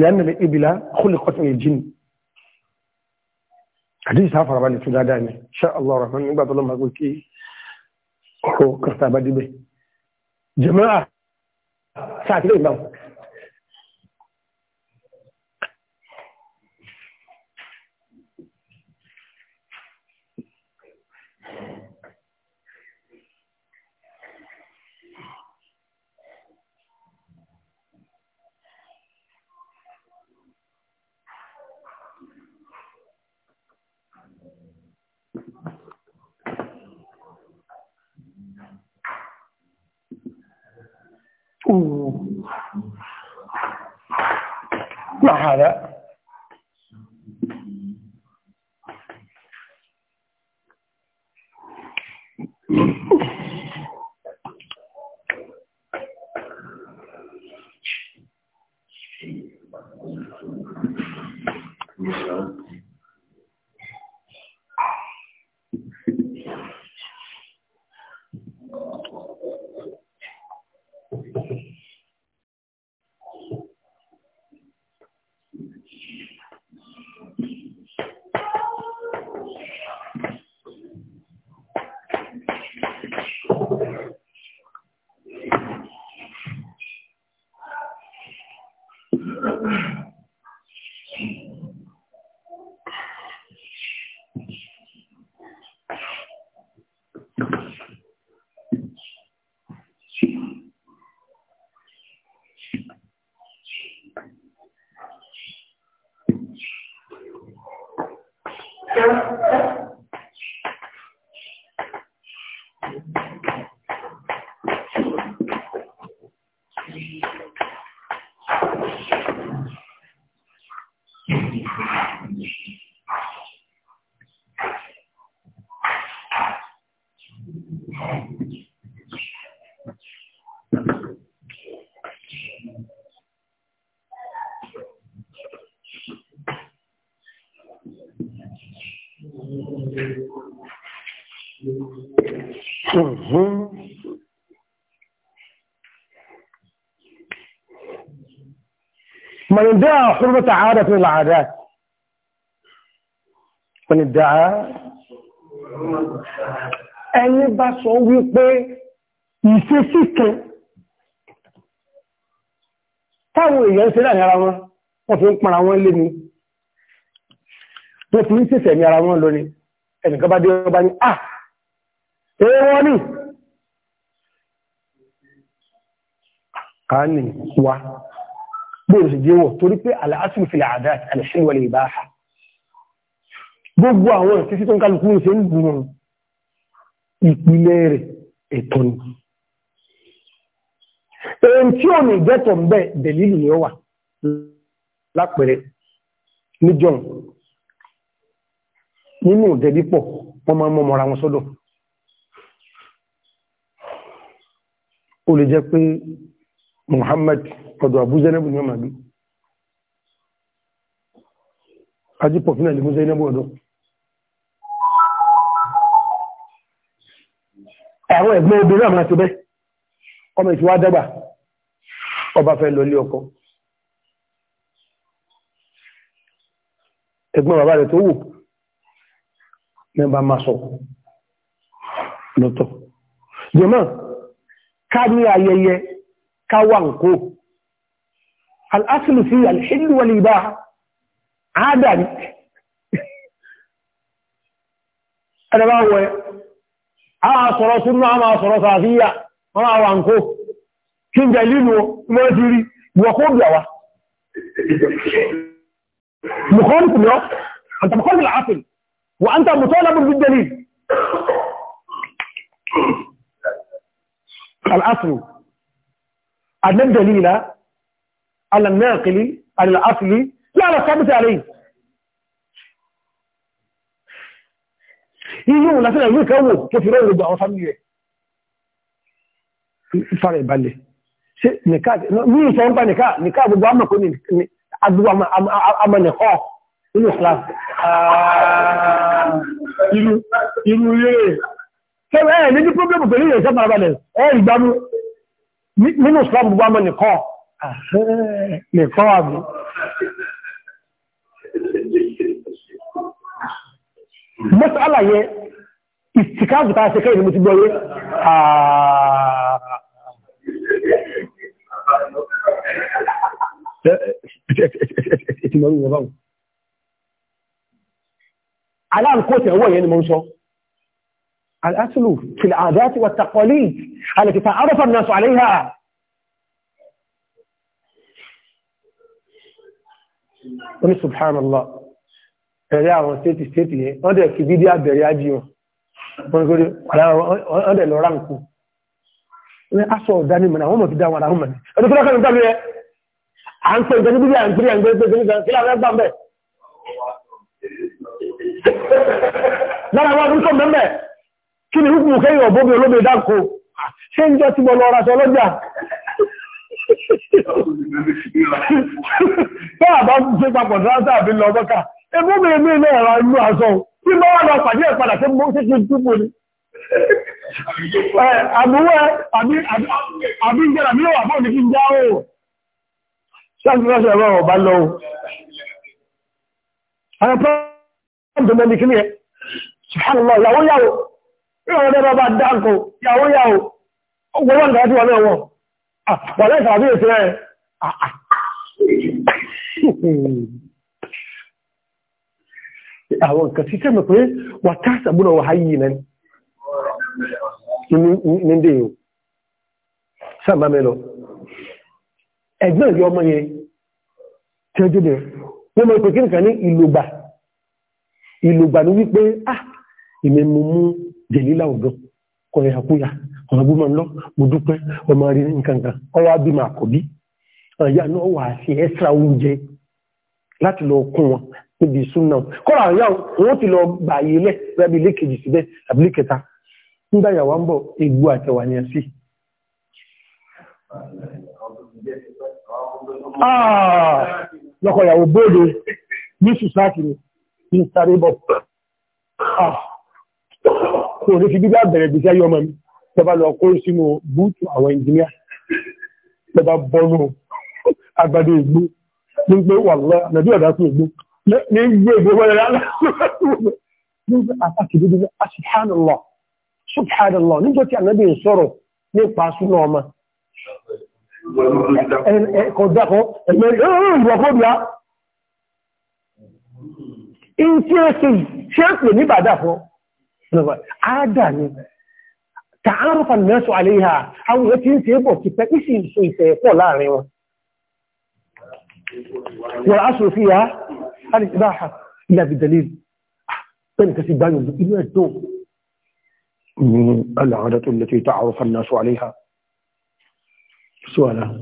lẹ́mẹ̀lẹ̀ ìbìlá kólẹ̀kọ́tún ìjìnì àdéhùn sáfàrà bá ní tún dáadáa ní ṣá allah rahman nígbà tó lọ́mọ pé kí ọ̀rọ̀ kàtà bá débẹ̀ jẹ̀mọ́ra sáà kílẹ̀ ìgbà wọn. أوه. ما هذا Thank you. Yeah. ومن ادعى حرمة عادة من العادات من ادعى ẹni bá sọ wípé ìṣesí kan táwọn èèyàn ṣe láàrin ara wọn wọ́n fi ń para wọn lé ní wọ́n fi ń ṣẹ̀ṣẹ̀ ní ara wọn lónìí ẹnìkan bá dé ọba ní à ah, èèwọ̀n ní kàánì wá bóòlù sì jẹ́ wọ̀ torí pé aláàsùn fi àdá àlẹ́ṣẹ́wọ̀lẹ̀ ìbáhà gbogbo àwọn ìfẹ́sí tó ń kálukú ń ṣe ń gbùnmọ̀ ìpìlẹ̀ rẹ̀ ẹ̀tọ́ ni èyí tí ò ní gẹ́tọ̀ ń bẹ́ dẹ̀lílù ni ó wà lápẹẹrẹ ní john nínú ìdẹ̀bí pọ̀ wọ́n Muhammad ọ̀dọ̀ Abu Zainab ní ọmọ àbí ajípọ̀ fún ẹ̀lẹ́mú Zainab ọ̀dọ̀ àwọn ẹ̀gbọ́n obìnrin àmà ti bẹ́ ọmọ ìfíwá dẹ́gbà ọba fẹ́ lọ lé ọkọ ẹ̀gbọ́n bàbá rẹ̀ tó wù mẹ́bàá máa sọ lọ́tọ̀ jẹ́mọ́ ká ní ayẹyẹ كوانكو الأصل في الحل والإباحة عدد أنا ما هو أعصر سنة أم أعصر صافية أم أعوانكو كن جليلو ما جري بوخور جوا مخالف يا أنت مخالف العقل وأنت مطالب بالدليل الأصل أدنى دليل على الناقل على الأصل لا على الثابت عليه yíyún lásìlẹ̀ ìlú ìkẹwò tó fi rọ́ ìrògbò àwọn fámílì rẹ̀ fara ìbalẹ̀ ṣe nìká ní ìṣọ́ ń pa nìká nìká gbogbo amọ̀kó ní agbogbo amọ̀nìkọ́ nínú ìṣláf irú ilé kẹwẹ́ ẹ̀ ní ní pọ́blẹ́mù pẹ̀lú ìrẹsẹ́ farabalẹ̀ ẹ̀ ìgbámú nínú islam gbogbo àmọ́ nìkan nìkan àbí mọ́sálà yẹ ìtìkáàbù tàà ṣe kẹ́yìn mo ti gbọ́ yé ààrẹ aláàrùn kó tẹ̀wọ́ yẹn ni mo ń sọ الأسل في العادات والتقاليد التي تعرف الناس عليها أنا سبحان الله يا ستي ستي أنا كبير يا برياجيو أنا أقول أنا لورانكو أنا أصور داني من أهم في دعوة أهم أنا أقول لك أنا أقول لك أنا أقول لك أنا أقول لك أنا أقول لك أنا أقول لك أنا أقول لك أنا أقول لك أنا أقول لك kí ni hùkùn kẹ́yìn ọ̀bọ́bí olóbe dákò ṣe ń jọ tí bọ́ lọ ra sọ lọ́jà tó àbá ṣe papọ̀ sáńtà àbí lọ bọ́kà ẹgbọ́n mi ní ilé ẹ̀rọ inú aṣọ tí bọ́ wà lọ pàdé ẹ̀ padà tí mo ṣe ti dúpọ̀ ni àbúwẹ́ àbí ìjẹ́ra mi wà bọ́ọ̀ ní kí n já o ṣáàtúnṣe ẹ̀rọ ọ̀bá lọ o àwọn pẹ́ẹ́ntì mẹ́ni kí ni ẹ̀ ṣùgbọ́n lọ ìyàwó yàwó yóò rẹ̀ bá bá dákò yàwó yàwó ọgbọ̀n nǹkan tí wọ́n náà wọ́n wà láì sàbí ètò ẹ̀ àwọn nǹkan tí tẹ́mọ̀ pé wà tásàbúrò wà háyì nẹ́ni ní dé yìí sáàbà mẹ́lọ ẹgbẹ́ ìyọ ọmọ yẹn tẹ́jú dẹ̀ wọ́n mọ̀ pé kí nìkan ní ìlògbà ìlògbà ní wípé ah ìmẹ̀ mo mú jẹ̀lílà ọ̀dọ́ kọ̀rẹ̀ àkúyà ọ̀rọ̀ bí máa ń lọ mo dúpẹ́ ọmọ rí nǹkan kan ọwọ́ bí máa kọ̀ bí àyà náà wà sí ẹ́sra oúnjẹ láti lọ kún wọn níbi súnà kọ́ra àyà wọn ti lọ gbà yé lẹ̀ lábí ilé kejì síbẹ̀ àbí kẹta nígbà yàwá ń bọ̀ egbò àtẹwà ni ẹ sí. Ah! lọ́kọ̀ ìyàwó bóde ní sùsáàkì ní sáré bọ̀. Ah! kò ní fi bíbá bẹ̀rẹ̀ bí sẹ́yọ́ ọmọ mi lọ́ba lọ kó sínú búùtù àwọn ẹnjìníà lọ́ba bọ́nú agbádé ìgbó ní pé wàlá nàbí ọ̀dà fún ìgbó ní gbé ìgbó wọlé lálẹ́ nígbà àtàkìdé bí asùhánàlá subhanallah nígbà tí ànábì ń sọ̀rọ̀ nípa súnà ọmọ kò dákọ̀ ẹ̀mẹ́ ìrọ̀kọ́bíà in tí ó sì ṣe é pè ní bàdà fún عادة تعرف الناس عليها أو يتيم سيبو كتا إسي سوي سيقو لا فيها الإباحة إلا بالدليل تنك سيباني إلا الدو العادة التي تعرف الناس عليها سؤالها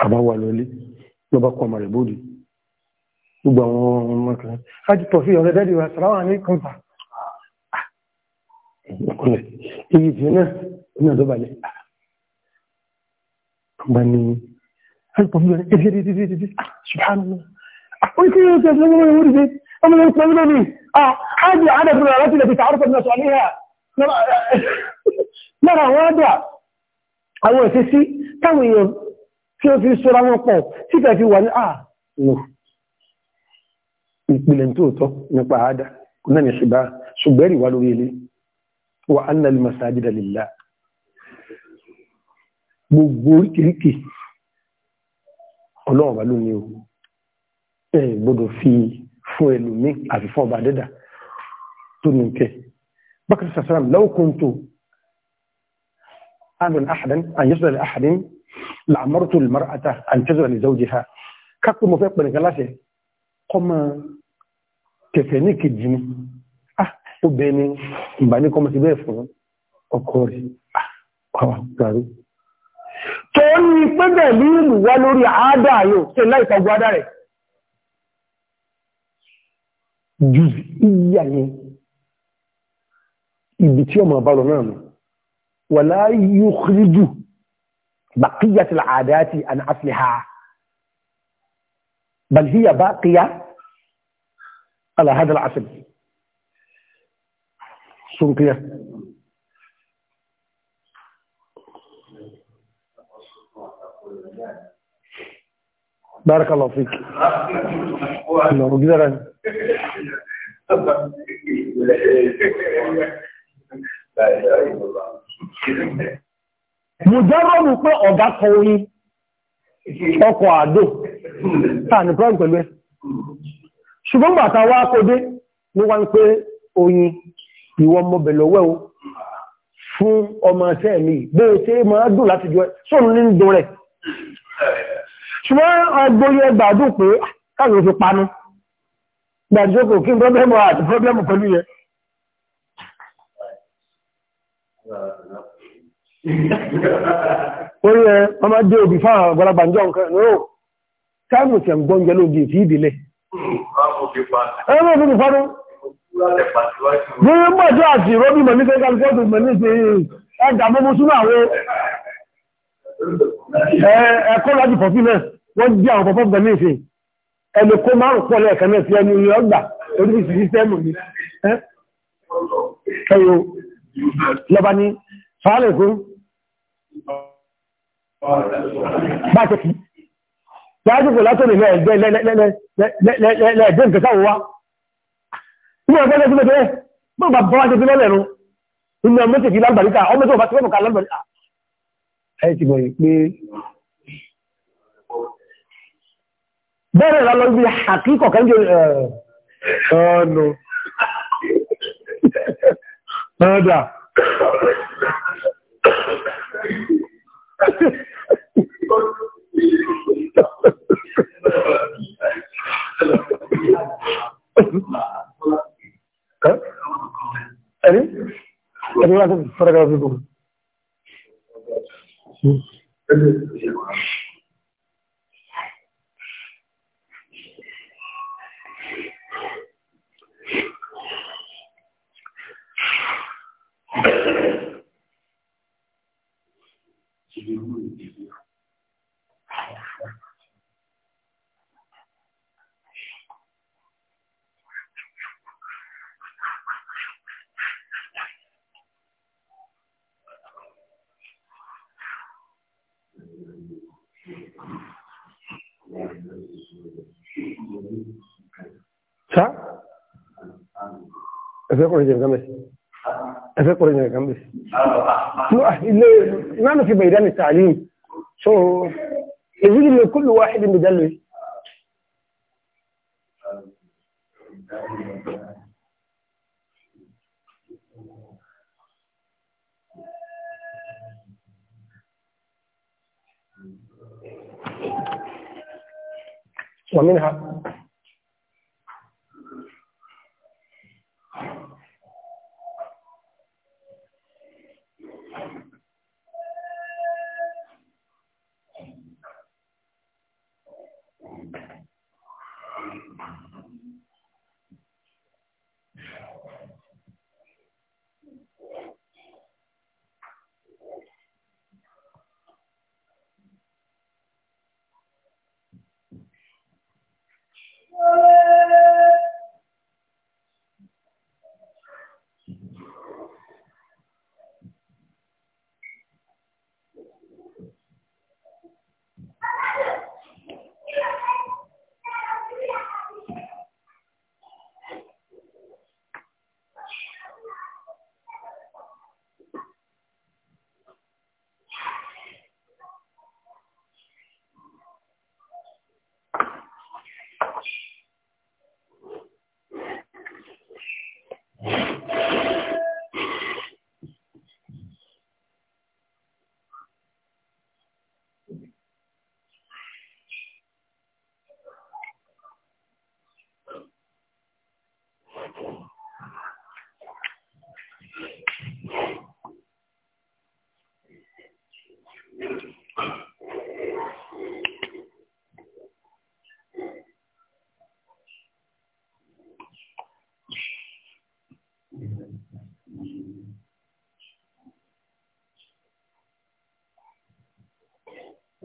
أبا gbogbo àwọn ọmọ kan hajj tọ̀fí ọ̀rẹ́ dẹ́dì wa sàráwà ní kọta ìkọlẹ̀ èyí tí náà ah, ní ọ̀dọ́ balẹ̀ ọba ni hajj tọ̀fí ọ̀rẹ́ ẹ̀fẹ́ títí títí títí ṣùgbọ́n àwọn ìkẹ́ yóò tẹ̀sí ọmọ ìwúrí sí ọmọ ìwúrí pẹ̀lú lónìí ah, hajj àdàbùn àwọn ti lè fi tààrùkọ̀ náà sọ ní ẹ̀ lára àwọn àdà àwọn ìfẹ́ sí táwọn èèyàn tí ó fi sọ́ra wọn pọ̀ títẹ̀ fi wà ní à ah, ìpìlẹ̀ tó tọ́ nípa àádá náà ni ṣùgbá ṣùgbẹ́rì wà lórí ilé wà anna al-masajida lillah gbogbo oríkìríkì ọlọ́ọ̀bá ló ní o ẹ gbọ́dọ̀ fi fún ẹlòmí àti fún ọba dẹ́dà tó ní kẹ bákan mo fẹ́ pẹ̀lẹ̀kẹ́ láṣẹ kọmọ kẹfẹ́ ní kejì ní ah obìnrin ìbá ní kọmọ sí bẹ́ẹ̀ fún ọkọ rẹ̀ ah wà gàrú tó ní pẹ́bẹ̀ ní ìlú wá lórí àádá yóò ṣe láìpàgbọ́ àádá rẹ̀ jù ìyà yẹn ibi tí ọmọ bá lọ náà mọ̀ wà láyé kìrìjù bàkíyà tí àádá ti àná àfihà bal hiya baqiya على هذا العسل سرقية بارك الله فيك الله مقدرا مجرم وقوة أغاق هوني أقوى عدو تاني برانك ṣùgbọ́n gbàtà wá kódé ní wá ń pé oyin ìwọ mọ́bẹ̀ o fún ọmọ ṣẹ́ mi bó ṣe máa dùn láti jọ sóòrùn ní dùn rẹ̀ ṣùgbọ́n ọgbóyẹ gbàdùn pé ah, káàkiri fi panu gbàdùn kí n pọ́blẹ́mù àti pọ́blẹ́mù pẹ̀lú yẹ orí ẹ ọmọ dé ẹgbẹ́ òfin fàánú ní mọ̀jọ́ àti ìrọ́bí mọ̀ ní kẹ́kẹ́ tó mọ̀ ní ṣe ẹgbà mọ́mú súnú àwọn ẹ̀kọ́ láti pọ̀ sílẹ̀ wọ́n jẹ́ àwọn pọ̀pọ̀ gbẹ̀ ní ìṣe ẹni kó márùn pọ̀ lẹ́ẹ̀kan náà sí ẹni ilé ọgbà oríṣi sísẹ́mù ni ẹ̀yọ lọ́ba ní fàálẹ̀ fún bá tẹ̀kì lásìkò látòrè lẹ́ẹ̀dẹ́ nǹkan sáwọ́ wá inú ọjọ́ lẹ́sí lẹ́sí lẹ́sí mọ́ bá bọ́ wájẹ́ sílẹ̀ lẹ́nu inú ọmọ tèkì lágbàríkà ọmọ tó bá ti fẹ́mọ̀ká lágbàríkà ẹ ti bọ̀ pé bẹ́ẹ̀rẹ̀ lọ́lọ́ ibi àkíkọ̀ kẹ́ńjẹ́ ọ̀nà ọ̀dà Thank you ẹni Thank you. ṣá ẹ̀fẹ́ kọ̀rọ̀ jẹ̀ gámẹ̀ ẹ̀fẹ́ kọ̀rọ̀ jẹ̀ gámẹ̀ ah, ilé náà fi bẹ̀rẹ̀ ní tààlì so ìwúlì lè kúlù wáhìdì mìdálẹ̀ 我明天。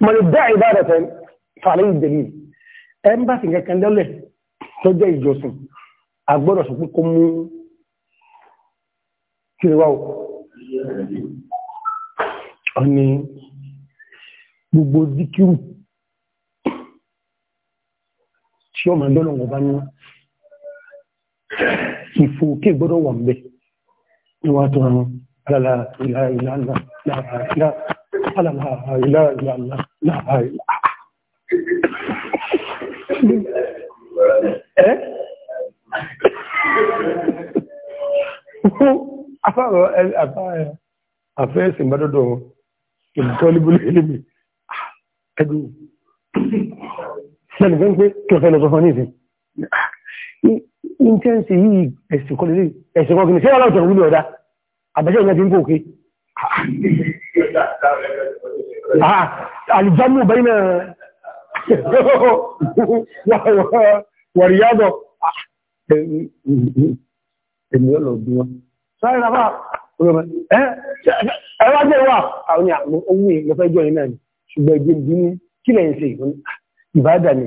من ادعى عبادة فعليه الدليل ẹn bá sì kẹ́kẹ́ lọ́lẹ̀ tó jẹ́ ìjọsìn agbọ́dọ̀ sọpún kó mú kíríwá ò ọni gbogbo díkírù tí ó máa dọ́lọ̀ ní ìfòkè gbọ́dọ̀ wà mẹ́ níwàtọ̀ àwọn afẹ́ẹ̀sìn bá dọ́dọ̀ ìbùtọ́líbùlé ilébì ẹgbù lẹ́nìkan pé kí ọ̀fẹ́ lọ sọ fún ní ìsìn intense yìí ẹ̀sìn kọ́ lélẹ̀ ẹ̀sìn kọ́ kìíní sí ọlọ́run tẹ̀wọ́n wúlò ọ̀dá àbẹ́sẹ̀ ìyẹn ti ń gòkè. Ah, àlìjámù bẹ́yìn náà wọ̀ríyádọ̀ ah. èmi ọ̀nà òbí wọn. sọ́yìn náà bá ẹ wá jẹ́ wà àwọn ohun ìgbẹ́fẹ́ jọ yìí náà ni ṣùgbọ́n ìgbẹ́ ìdí ní kílẹ̀ ń ṣe ìbádà ni.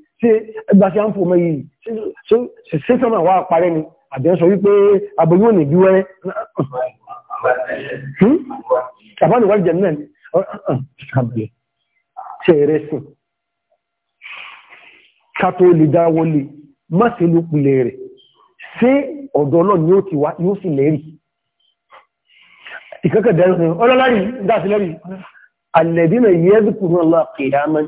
ṣe ẹgbàṣẹ àǹfò mẹ́ yìí ṣe sọ́nà wà parẹ́ ni àbẹ́ sọ wípé aboyún ò ní bí wẹ́rẹ́ ṣàbánu hmm? wà jẹ̀ náà ṣàbẹ̀ ṣe rẹ̀ sùn kátó lè dá wọlé má ṣe ló pilẹ̀ rẹ̀ ṣé ọ̀dọ̀ ọlọ́run yóò sì lẹ́rì ìkẹ́kẹ̀ẹ́ dẹ́rù ọlọ́lárí dásílẹ́rì alẹ́bí mẹ́ yẹ́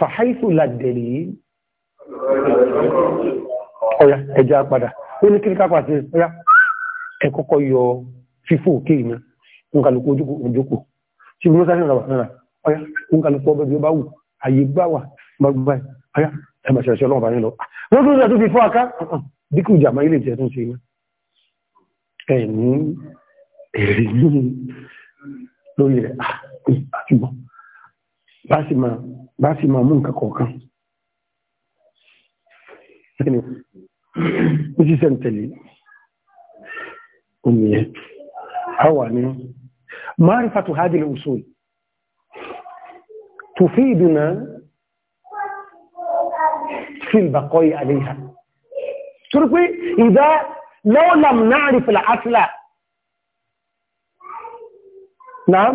fàháìsù làdẹ̀rí ọ̀yà ẹja padà ó ní kíríkà pàtí ọ̀yà ẹ̀kọ́kọ́ yọ fífò òkè ìná nǹkanlùkù ojúkù ojúkù tí wọ́n sáré ìrànwà náà ọ̀yà nǹkanlùkù ọbẹ̀ bí ó bá wù àyè gbà wà gbàgbà ọ̀yà ẹ̀mà ṣẹ̀ṣẹ̀ ọlọ́run bá nílọ wọ́n tún tún fi fọ́ aká bí kí ìjàmbá ilé ìjẹ́ tún ṣe iná ẹ̀mí èrè lórí rẹ̀ àti ah, bọ́ bá sì máa bá sì ka mú nǹkan kọ̀ọ̀kan ó sì sẹ́ntẹ̀lẹ̀ òmìnir àwà ní ma'rifatu hadhihi al-usul tufiduna fi al-baqa'i 'alayha torí pé ìdá law lam na'rif al-asla náà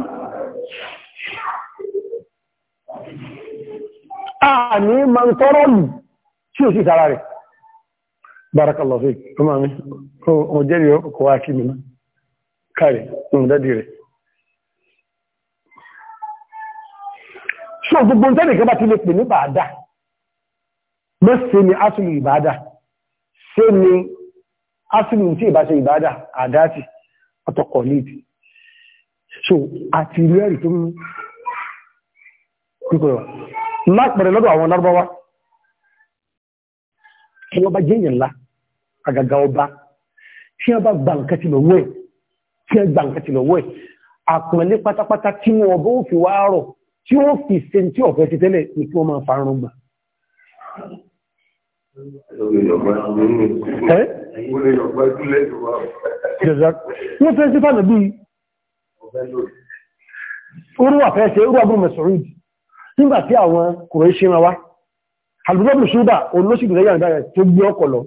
àní ma ń tọ́rọ̀ lù tí ò sí sára rẹ̀ barakallahu fik ọmọ mi o jẹ́rì ọkọ̀ wá kí mi gbogbo ń tẹ́lẹ̀ kẹba ti lè pè ní bàádà mọ́ sí ni asùlù ìbàádà sí ni asùlù tí ìbáṣe so àti ìlú ẹ̀rì lápẹ̀rẹ̀ lọ́dọ̀ àwọn lárúbáwá tí wọ́n bá jẹ́yìn ńlá ọba tí wọ́n bá gba nǹkan ti lọ́wọ́ ẹ̀ gba nǹkan ti lọ́wọ́ ẹ̀ àpọ̀nlé pátápátá tí wọ́n bó fi wá tí ó fi tí ọ̀fẹ́ ti tẹ́lẹ̀ ní wọ́n máa farun gbà. nígbà tí àwọn kùrọ̀ ṣe ma wá alùgbọ́bù ṣúgbà olóṣìlú lẹ́yìn àdáyà tó gbé ọkọ̀ lọ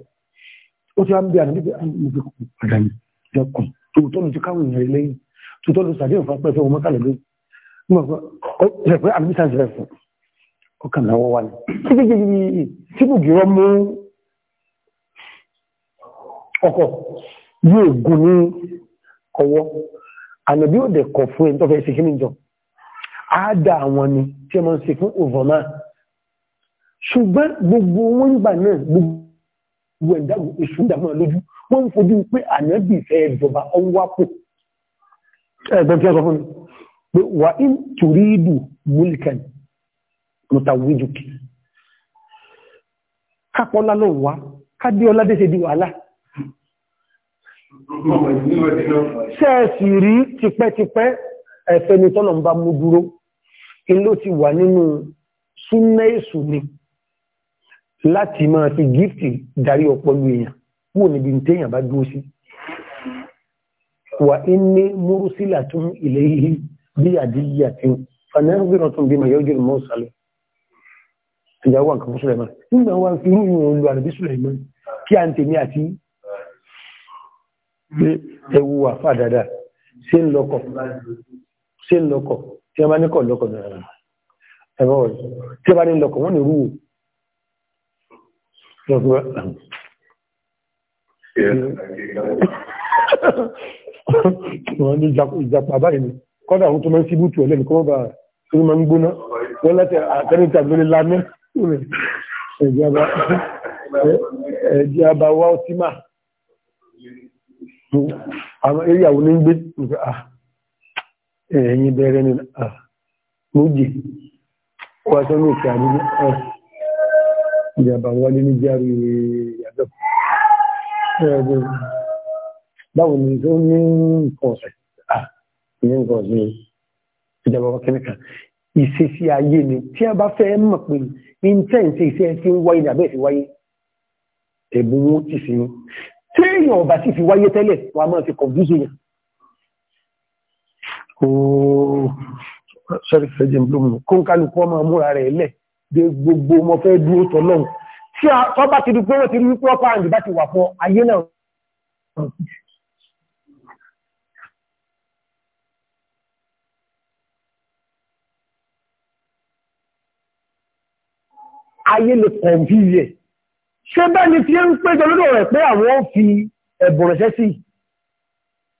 ó ti wá ń bí àná nígbà nígbà ah, padà yìí jẹ́kùn tòótọ́ ló ti káwọn èèyàn rẹ̀ lẹ́yìn tòótọ́ ló sàdéhùn fún apẹ́fẹ́ ọmọ kálẹ̀ lóyún nígbà pé àmì sáà ṣẹlẹ̀ fún ọkàn náwọ́ wà ní. tí kò gírọ́ mú ọkọ̀ yóò gùn ní ọwọ́ àlẹ́bí ò dẹ̀ kọ̀ fún ẹni tó fẹ́ ṣe kí ní jọ àádà àwọn ni tí a máa ń ṣe fún ovama ṣùgbọ́n gbogbo wọn gbà náà gbogbo ẹ̀dàgbò èṣù ìdàmọ́ lójú wọ́n ń fojú pé ànábì fẹ́ ìjọba ọwápò ẹgbọ́n tí a sọ fún mi pé wà ń torí ìdù múlìkàn mọ̀tàwíjùkì ló ti wà nínú súnná èsù ni láti máa fi gíftì darí ọpọlọ èèyàn kúrò níbi téèyàn bá dúró sí wà inni mursilatun ilayhi bí àdíyàtí fanáhùnbíràn bí màá yọjú ìmọ̀ sálẹ̀ ìyàwó àǹkan fún Suleiman nígbà wá fi irú ìwọ̀n lu àrẹ̀bí Suleiman kí a ń tèmi àti ẹwu àfà dáadáa ṣe ń lọ́kọ̀ tí a bá ní kọ̀lọ́kọ̀ náà ẹ̀mọ́ rẹ̀ tí a bá ní lọ́kọ̀ wọ́n ní rú wọ́n ní ìjàpá báyìí ni kọ́dà àwọn tó mẹ́ sí bútù ẹ̀lẹ́ni kọ́ bá tó mẹ́ gbóná wọ́n láti àtẹ́rìntà lámẹ́ ẹ̀jẹ̀ àbáwá ọtímà àwọn eré àwọn onígbé ẹ̀yìn bẹ̀rẹ̀ ní àmújì wáṣọ́ ní ìkà ní ìjàbà wọlé ní járí ìyàdọ̀ ẹgbẹ̀ báwo ni tó ní nǹkan ọ̀sẹ̀ ní nǹkan ọ̀sẹ̀ ìjàbà wọ́n kẹ́nìkà ìṣesí ayé ni tí a bá fẹ́ mọ̀ pé intense iṣẹ́ tí ń wáyé ní abẹ́ ìfi wáyé ẹ̀bùn wọn ti fi tí èèyàn ọ̀bà sì fi wáyé tẹ́lẹ̀ wọ́n a máa fi kọ̀ọ̀dúsù yẹn kó sọ́rí fẹ́jẹ̀ blómù kó ń kálukú ọmọ múra rẹ̀ lẹ̀ dé gbogbo ọmọ fẹ́ dúró tọ́lọ́hùn tí a tọ́ bá ti di pé wọ́n ti rí wípé ọkọ̀ àǹdì bá ti wà fún ayé náà ayé lè kọ̀ǹfì yẹ ṣé bẹ́ẹ̀ ni tí ń péjọ lórí ọ̀rẹ́ pé àwọn fi ẹ̀bùn rẹ̀ sí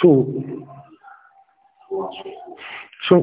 so ṣó ń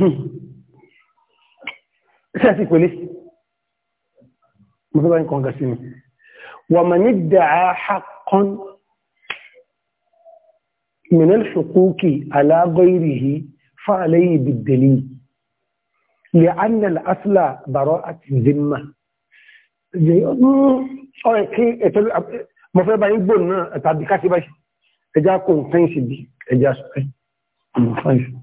iṣẹ́ sí pèlé mo fẹ́ bá ń kọ̀ǹgà sí mi wà mà ní dàá haqqan min al-huquq ala ghayrihi fa alayhi bid-dalil لأن الأصل براءة الذمة ọ̀rẹ́ kí bá yín gbò náà tàbí káṣí báṣí ẹjá kò ń fẹ́ǹsì bí ẹjá sọ́rẹ́ àmọ́ fẹ́ǹsì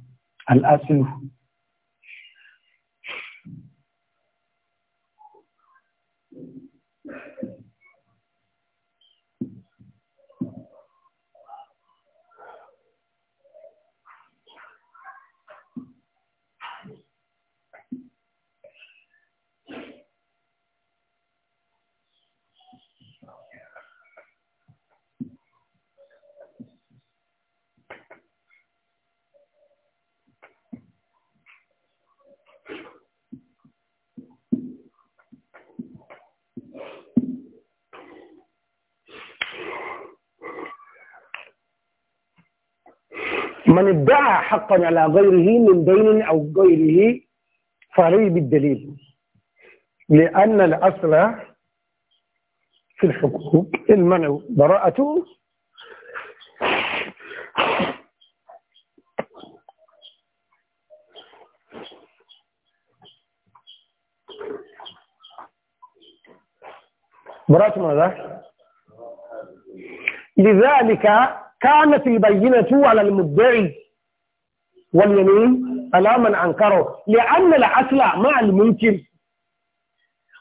من ادعى حقا على غيره من دين أو غيره فعليه بالدليل لأن الأصل في الحقوق المنع براءة براءة ماذا؟ لذلك كانت البينة على المدعي واليمين على من أنكره لأن الأصل مع المنكر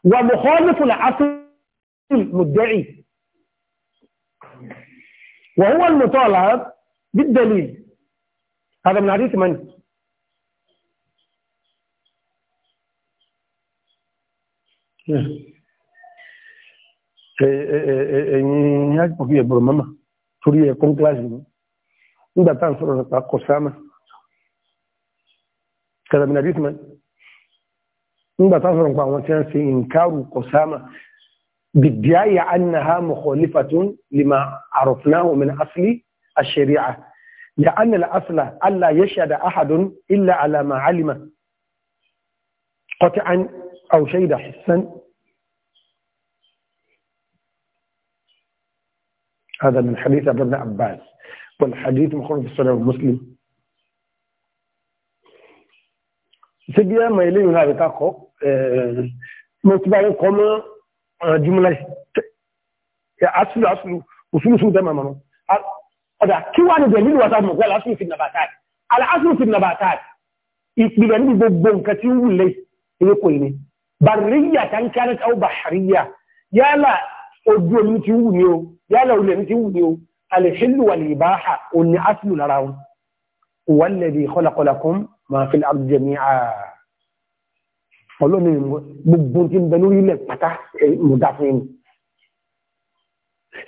ومخالف الأصل المدعي وهو المطالب بالدليل هذا من حديث من؟ ẹ̀yìn yájú fi ẹ̀bùrù mọ́mọ́ torí ẹ̀kọ́ ń kíláàsì mú nígbà tá à ń sọ̀rọ̀ nípa kọ̀sáàmà kẹsàmìnà bísímà nígbà tá à ń sọ̀rọ̀ nípa àwọn tí wọ́n ṣe ìǹkàrù kọ̀sáàmà bìdíáyà annaha mukhalifatun lima arafnahu min asli ash-shari'a لأن الأصل ألا يشهد أحد إلا على ما علم قطعا أو شهد حسا هذا من حديث ابن عباس والحديث مخرج في الصحيح المسلم سيبيا ما يلي هنا بتاعك ااا من آه، تبعي كم آه، جملة أصل أصل وصول صول دم منو هذا كيو أنا دليل وهذا مقال أصل في النباتات على أصل في النباتات يبين لي بوبون كتير ولا يقولني بريه كان كانت او بحريه يا لا ojú omi ti wù ní o yálà olè ti wù ní o alìṣílù wà lè bá hà ó ní asìlù lára wọn wà lẹ́bí kọ́lákọ́lákún máa fi láàrù jẹ́ ní àà ọlọ́mìn gbogbo tí ń bẹ lórí ilẹ̀ pátá mọ̀dá fún ẹni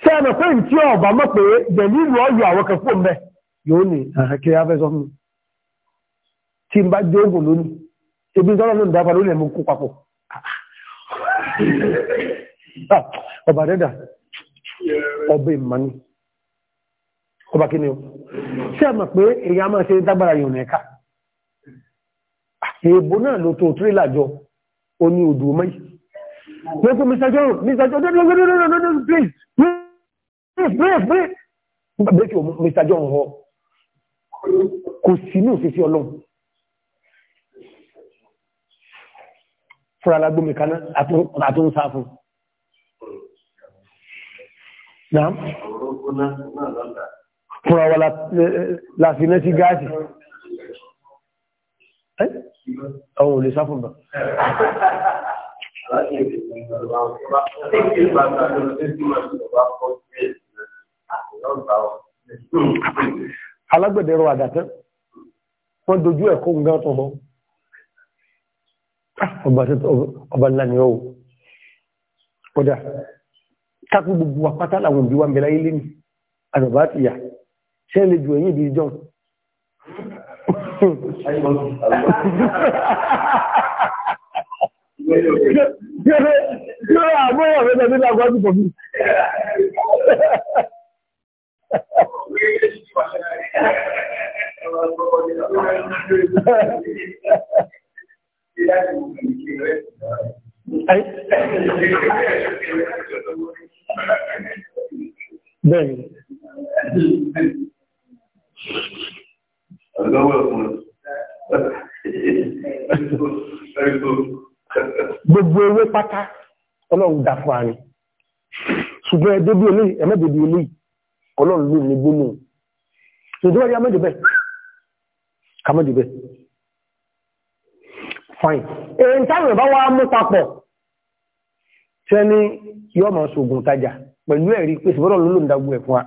ṣe ẹ̀mọ̀ pé tí ọba mọ̀ pé jẹ̀lú ìlú ọyọ̀ àwọn kẹfọ́ mẹ́ yóò ní àkàkiri afẹ́sọ́ mi tí ń bá jẹ́ ogun lónìí ebi tọ́lọ́ ló ń dáfà lónìí mú kó papọ̀ Ah, ọba dẹ́dà ọba ìmọ̀ni ọba kí ni o ṣé ẹ mọ̀ pé èyí a máa ṣe dágbára yìí ọ̀nà ẹ̀ka ah, èèbò náà ló tó tírélà jọ ó ní odò mọ́yì wọ́n fún Mr. John Mr. John no no no no no no please please please please break your Mr. John họ kò sínú òṣìṣẹ́ ọlọ́run fúra lágbómi kaná àtúnsáfún Nàám. Fúnra wa láti iná sí gáàsì. Àwọn olè sáfún bá. Alágbẹ̀dẹ̀ rọ àdàtán, wọ́n dojú ẹ̀kọ́ ń gán tọ́bọ́. Ọba nílá ni ó wò. Ó dáa kápú gbogbo àpátá làwọn òbí wa ń bẹ̀rẹ̀ ilé ní àgbàbá ti yà ṣe lè jù ẹ̀yìn ìbí Ayé. bẹ́ẹ̀ gbogbo ewé pátá ọlọ́run dà fún àárín ṣùgbọ́n ẹ débi olóyìn ẹ̀mẹ́dẹ̀bi olóyìn ọlọ́run ló ní gbóná ìjọba yà mẹ́jọ bẹ́ẹ̀ kà mẹ́jọ bẹ́ẹ̀ fine èyí táwọn ìbá wa mú papọ̀ tẹ́ni yọ́ máa ṣògùn tajà pẹ̀lú ẹ̀rí pé ṣùgbọ́n ló ló ń dagun ẹ̀fún wa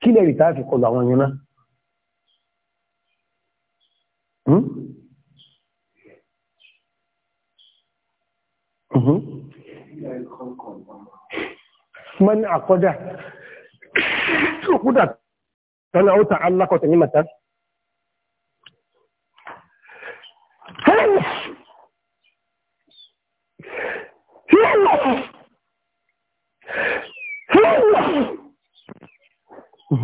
kí lẹ́rì tá a fi kọlu àwọn yẹn náà. من عقده عقدة كان أو تعلق تنمة Yeah. Ah.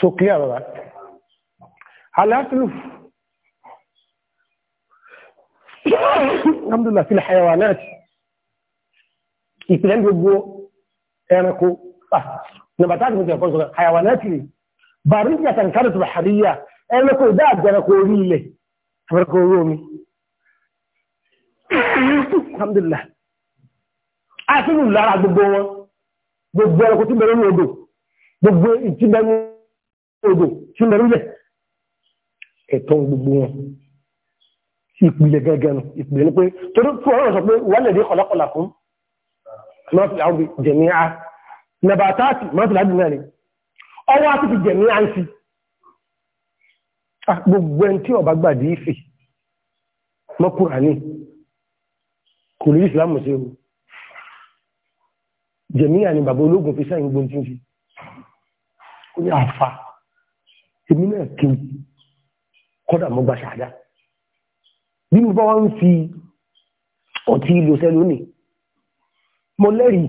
So clear about that. الأكل الحمد لله في الحيوانات يتلعب يبقوا يانكو نباتات من تكون حيوانات لي برية كانت بحرية أنا كل ده أنا كوري لي فركورومي الحمد لله أسلم الله على دبوا gbogbo ẹranko tí bẹ̀rẹ̀ ní odò gbogbo ìtí bẹ̀rẹ̀ ní odò tí bẹ̀rẹ̀ lẹ̀ ẹ̀tọ́ gbogbo wọn ìpìlẹ̀ gẹ́gẹ́ nù ìpìlẹ̀ ní pé torí fún ọ̀rọ̀ sọ pé wọ́n lè rí kọ̀lákọ̀lá fún lọ́pìlá ọ̀bì jẹ̀míà nàbàtàtì mọ́síládì náà ni ọwọ́ àti ti jẹ̀ ní àìsí ah, gbogbo ẹni tí ọba gbàdí ìfì mọ́kúrà ní kò rí ìsìlámù sí o jẹ̀míyà ni bàbá ológun fi sáyìn gbóntí fi ó ní àfà èmi náà kí kọ́dà mọ́ gba ṣàdá bí mo bá wá ń fi ọtí ìlòsẹ́ lónìí mo lẹ́rìí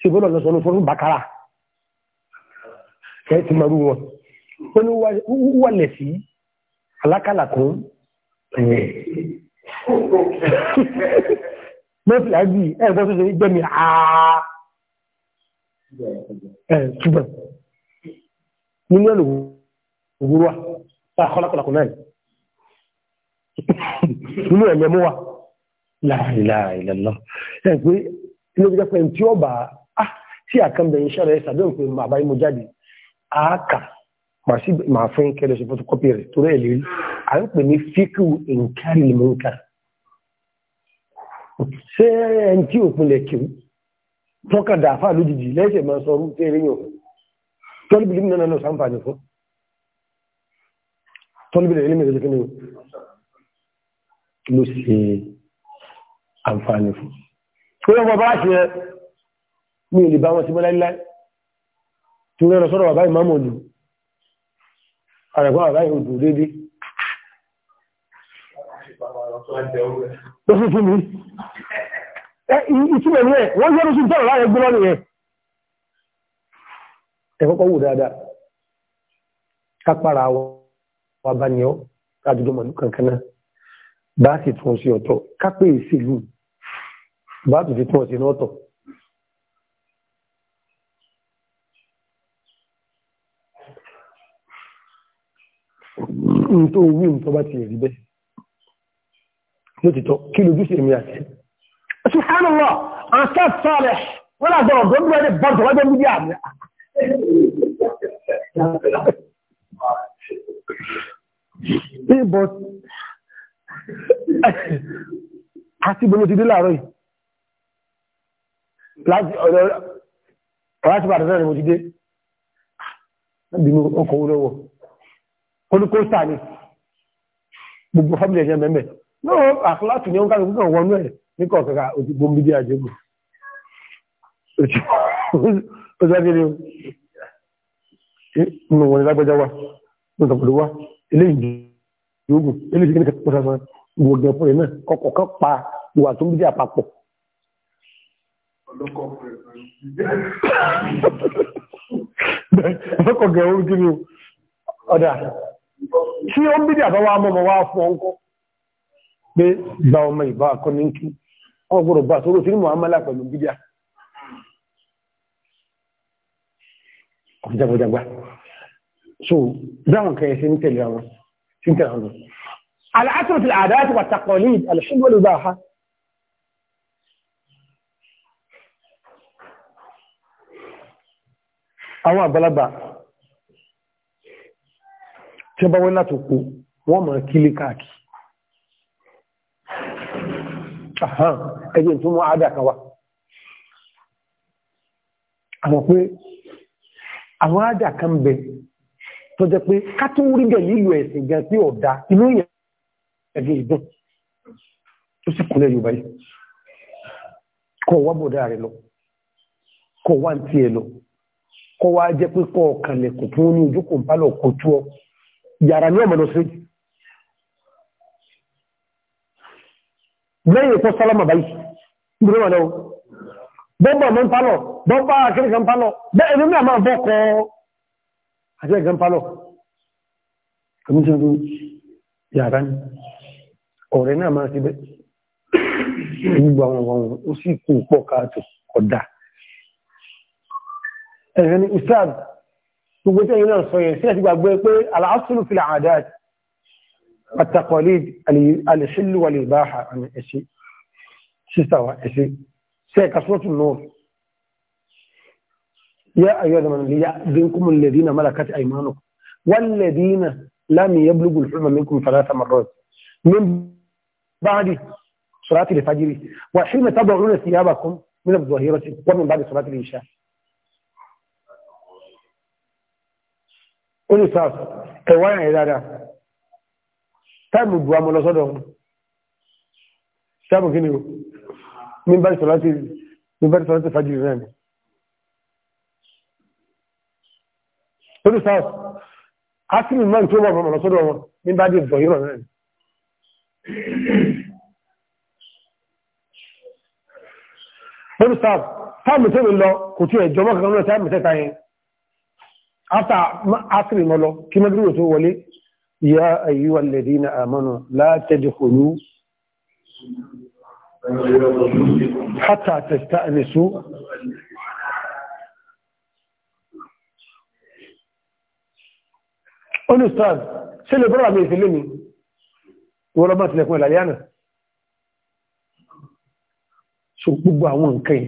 ṣùgbọ́n ọ̀nà sọ̀rọ̀ fún bàkàrà ẹ̀ ti mọ̀rú wọn wọ́n ni wà lẹ̀ sí alákàlàkún ẹ̀yẹ̀ mẹ́fìlá bí ẹ̀gbọ́n tó ṣe gbẹ̀mí àá ẹ̀ ṣùgbọ́n nínú ẹ̀lò òwúrọ̀ wà kọ́lákọ́lákọ́ náà nínú ẹ̀mẹ́mú wa láàrín láàrín lọ́lọ́ ẹ̀ pé ilé ìjọba tí ó bá Ah, tí àkànbẹ̀ iṣẹ́ rẹ̀ sàdéhùn pé màá báyìí mo jáde àákà màá fún kẹlẹ̀ ṣe photocopy rẹ̀ torí ẹ̀ lérí à ń pè ní fíkù nkárì lèmọ́nkà ṣé ẹni tí òpin lẹ̀ kí tọ́ka dàáfà lójijì lẹ́sẹ̀ máa sọ orúkọ eré yàn tọ́lùbìlì nínú náà sàǹfààní fún tọ́lùbìlì ilé mẹ́rin kíni ló ṣe àǹfààní fún. ó yẹ kó bá ṣe mi ò lè bá wọn sí mọ́lá láì tí wọ́n rẹ̀ sọ́rọ̀ bàbá ìmáàmù òdù àrẹ̀gbọ́n bàbá ìhòdù dédé tó fífún mi ìtumẹ̀ ní ẹ̀ wọ́n yẹ́rù sí tọ́rọ̀ láyé gbọ́nà nìyẹn ẹ̀kọ́kọ́ wù dáadáa kápára wa bá ní ọ́ kájúdó mọ̀lú kankaná bá sì tún sí ọ̀tọ̀ kápẹ́ ìsìlú n tó wí n tó bá ti rí bẹ́ẹ̀ lótìtọ́ kí lójú sí èmi àti subhanallah an sat salih wọ́n àgbọ̀rọ̀ tó ń dúró ní bọ́ọ̀tọ̀ wájú ní bíyà mi but àti ìbọn ti dé láàárọ̀ yìí láti ọ̀dọ̀ ọ̀rọ̀ àti bàtà náà ni mo ti dé ọkọ̀ owó kólúkóòtà ni gbogbo fámìlì ẹ̀ṣẹ̀ mẹ́mẹ́ náà àkíláàtù ní ọ̀gá ìgbìkan wọnú ẹ̀ ní kọ̀ọ̀kẹ́kà òtìgbò ń bí dí àjẹ́gbò ó sáré nínú wọn lágbàjá wa ní ìtàkùnlé wa ilé ìjọgùn ilé ìṣẹ́gbẹ́ nípa pọ̀ sásán gbogbo ẹ̀fọ́ rẹ̀ náà kọ̀kọ̀ kan pa ìwà tó ń bí dí àpapọ̀ ọlọ́kọ̀ gẹ̀ẹ́wó kí ni ọ̀dà tí ó ń bí dàbá wá mọ́mọ́ wá fún ọkọ́ pé gba ọmọ ìbá akọni kí wọ́n gbọ́rọ̀ bá sọ́rọ̀ sí mọ̀hámálà pẹ̀lú so dáwọn kẹyẹ sí ń tẹ̀lé àwọn tí wọ́n bá wọ́n láti kó wọ́n mọ̀ kílé káàkiri ẹgbẹ́ tó mọ́ àádà kan wá àwọn pé àwọn àádà kan bẹ tó jẹ pé kátó rí gẹ̀ nílò ẹ̀sìn gan sí ọ̀dá inú ìyẹn ẹgbẹ́ ìdún tó sì kúnlẹ̀ Yorùbá yìí kọ̀ wá bọ̀dá rẹ̀ lọ kọ̀ wá ń tiẹ̀ lọ kọ̀ wá jẹ́ pé kọ̀ ọ̀kànlẹ̀kùn fún ní ojú kò kò tú ọ yàrá ní ọmọ lọ́sí lẹ́yìn tó sálọ́mà báyìí ìgbìmọ̀ wọn lọ́wọ́ bọ́bọ̀ mọ́ ń pálọ̀ bọ́bọ̀ akẹ́kẹ́ ń pálọ̀ bẹ́ẹ̀ ni a máa bọ́ kọ́ akẹ́kẹ́ ń pálọ̀ kàmíṣẹ́ ló yàrá ní ọ̀rẹ́ náà máa ti bẹ́ gbogbo tẹ́yìn náà sọ yẹn sílẹ̀ ti gbàgbé pé aláàsùlù fi làádá àtàkọ̀lìd alìṣílù wà lè báhà àmì ẹ̀ṣẹ́ sísàwà ẹ̀ṣẹ́ sẹ́ kasuwatu nọ́ọ̀ yá ayọ́ ìdàmàlà lè yá dínkùmù lèdínà malakati àìmánù wọ́n lèdínà lámì yẹ bulugul hulma minkum falata marot min báàdì sọ́láti lè fajiri wà ṣí mẹ́ta bọ̀ rúnà sí yábàkún min àbùzọ̀ hírọ̀tì wọ́n min báàdì sọ́láti lè ṣáà ó ní sars ẹ̀wá yẹn dáadáa táìmù bu amọ̀ lọ sọ́dọ̀ táìmù kí ni o mi bá sọ̀rọ̀ láti mi bá sọ̀rọ̀ láti fàájì rẹ̀ ni ó ní sars asìmì máa ń tó wà ọmọ lọ́sọ́dọ̀ wọn ní bá dé ìbọ̀yìnrọ̀ náà ní sars táìmù tó lè lọ kò tí ẹ̀jọ́ mọ́ kankan náà táìmù tẹ́ta yẹn ata asiri mọ lọ kí mẹgbẹrẹ tó wọlé ya ayyuhal ladina amanu la tadkhulu hatta tasta'nisu olùstáàz ṣe lè bọ́rọ̀ àmì ìfẹ́lẹ́ mi wọ́n lọ́mọ́ tilẹ̀kùn ìlàlẹ́yànà so gbogbo àwọn nǹkan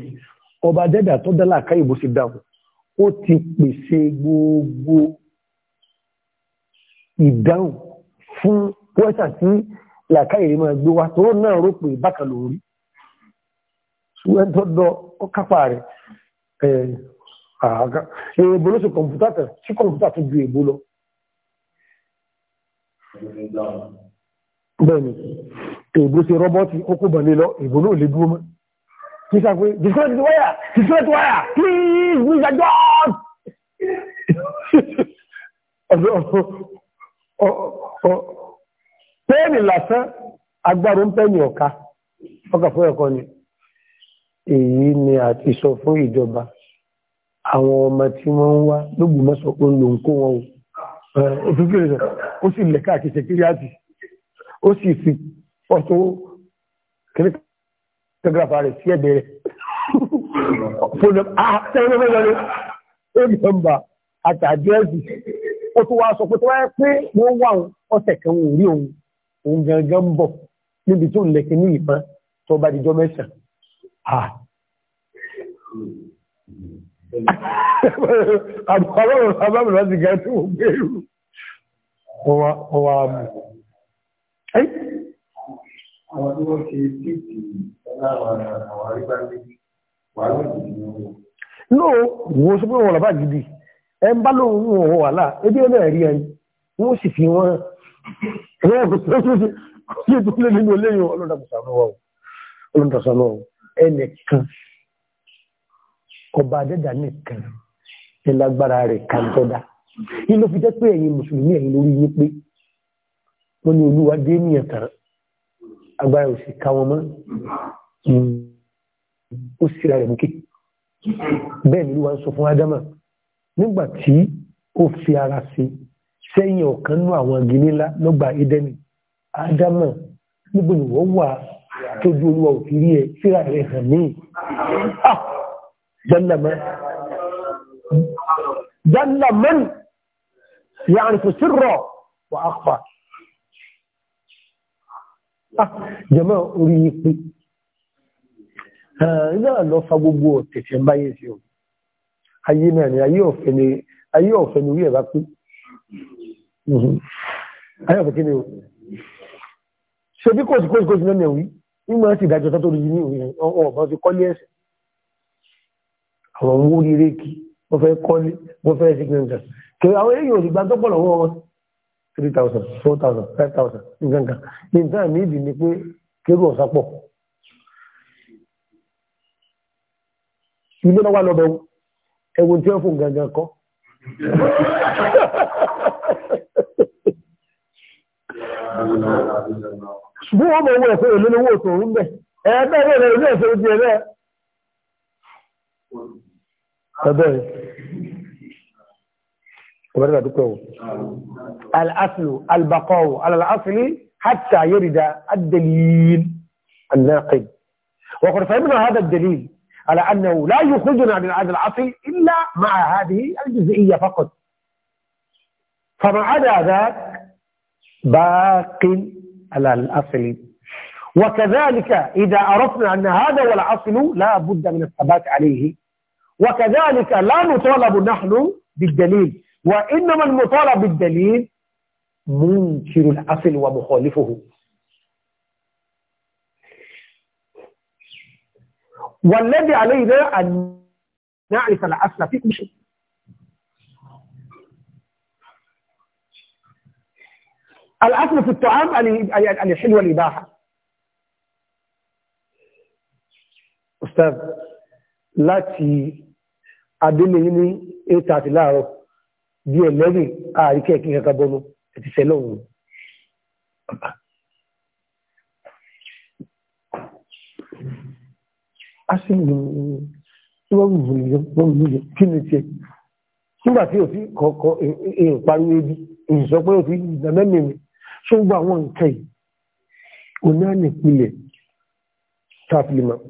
ọba dẹ́dà tó dálà káyìbó sí dáhùn ó ti pèsè gbogbo ìdáhùn fún pọ́ẹ́sà tí làkáyèrè máa gbé wá tó náà rò pé bákan ló rí ṣùgbọ́n tó dọ ó kápá rẹ̀ èèbò ló ṣe kọ̀mpútà tẹ̀ sí kọ̀mpútà tó ju èèbò lọ. bẹ́ẹ̀ni èèbò ṣe rọ́bọ́tì ó kó bọ̀ lé lọ èèbò náà lè dúró mọ́. He said, disconnect the wire, disconnect the wire, please, Mr. John. Pẹ́ẹ̀nì lásán, agbára ń pẹ́ẹ̀nì ọ̀ká, ọkà fún ẹ̀kọ́ ni. Èyí ni a ti sọ fún ìjọba, àwọn ọmọ tí wọ́n ń wá lógbùmọ́sọ̀ pé ń lò ń kó wọn òfúfúrẹ́sẹ̀, ó sì lẹ̀ká àti sẹ̀kíríàtì, ó sì fi ọ̀tún kìrìkà gẹ́gẹ́fà rẹ̀ sí ẹ̀bẹ̀ rẹ̀ fónàmà àtàdẹ́ẹ̀sì ó tó wá sọ pé tó wáyé pé wọ́n wà ọ̀sẹ̀ kan ò rí òun òun gangan bọ̀ níbi tó lẹ́kẹ̀ ní ìbọn tó bá dìjọ́ mẹ́sàn àbọ̀lọ́rọ̀ abábìlọ́sì gẹ̀ẹ́tù ògbèrú ọwà mú àwọn tí wọ́n ṣe tíìtì láwọn àwọn àrígbáyé wà lóògì ní owó. lóò wo sọ pé wọn làbá gidi ẹ ń bá lóun ní òun wàhálà ebi ẹ náà rí ẹ wọn sì fi wọn ẹ kò tó tó ṣe kó ṣe tó lé nínú eléyìí ọlọ́dàkùsánú wa o ọlọ́dàkùsánú wa o ẹnìkan ọba adẹ́dà nìkan ní lágbára rẹ̀ kàńtọ́dá inú fi jẹ́ pé ẹ̀yin mùsùlùmí ẹ̀yin lórí yín pé wọ́n ní olúwa dé ní ẹ̀tàn agbára ò sì ká wọn mọ́ hmm. ó sì ra rẹ̀ mú kí bẹ́ẹ̀ ni wọ́n sọ fún ádámà nígbà tí ó fi ara sí sẹ́yìn ọ̀kan nú àwọn igi ńlá lọ́gbà Édẹ́nì ádámà níbo ni wọ́n wà tójú olúwa ò fi rí ẹ síra rẹ̀ hàn mí jẹ́nlẹ̀mẹ́n yàrá kò sí wà á pa. Ah, jẹmọ́ orí ipi náà lọ fa gbogbo ọ̀tẹ̀tẹ̀ báyé sí o ayé náà ni ayé ọ̀fẹ́ ni ayé ọ̀fẹ́ ni orí ẹ̀ bá pé mhm. ayé ọ̀fẹ́ kí ni o ṣe bí kòsí kòsí kòsí náà wí nígbà tí ìdájọ́ tó tóbi ní òun ọ̀bọ̀n ti kọ́lé ẹ̀sẹ̀ àwọn owó rí rékì wọ́n fẹ́ kọ́lé wọ́n fẹ́ ṣe kí ni nǹkan kí àwọn èèyàn ò sì gbá tọ́pọ̀ lọ́wọ́ wọn three thousand four thousand five thousand nǹkan kan nǹkan mi ìdí ni pé kérú ọ̀sán pọ̀ ilé náà wà lọ́bẹ̀ ẹ̀wọ̀n tí wọ́n fún gangan kọ́ bí wọ́n mọ̀ owó ẹ̀fẹ́ èlé lówó òtò ń bẹ̀ ẹ̀ẹ́dẹ́ bẹ̀rẹ̀ ilé ẹ̀fẹ́ ojú ẹ̀rẹ́ ẹ̀bẹ̀rẹ̀ دكتور الأصل البقاء على الأصل حتى يرد الدليل الناقد وقد فهمنا هذا الدليل على أنه لا يخرجنا من هذا الأصل إلا مع هذه الجزئية فقط فما عدا ذاك باق على الأصل وكذلك إذا عرفنا أن هذا هو الأصل لا بد من الثبات عليه وكذلك لا نطالب نحن بالدليل وإنما المطالب بالدليل منكر الأصل ومخالفه والذي علينا أن نعرف الأصل في كل شيء الأصل في الطعام الحل والإباحة أستاذ láti adélé ní 8:30 bí ẹlẹ́rìn àríkẹ́ kí kankan bọ́nu ẹ̀tí sẹ́lọ̀ òun. a sì ń wọ́n wù mí yọ wọ́n wù mí yọ kí ni tiẹ̀ nígbà tí òfin kọ̀ọ̀kọ̀ èèyàn pariwo ebi èyí sọ pé òfin ìgbà mẹ́rin mi ṣó ń gbọ́ àwọn nǹkan yìí òun náà nìpìlẹ̀ tá a fi lè máa.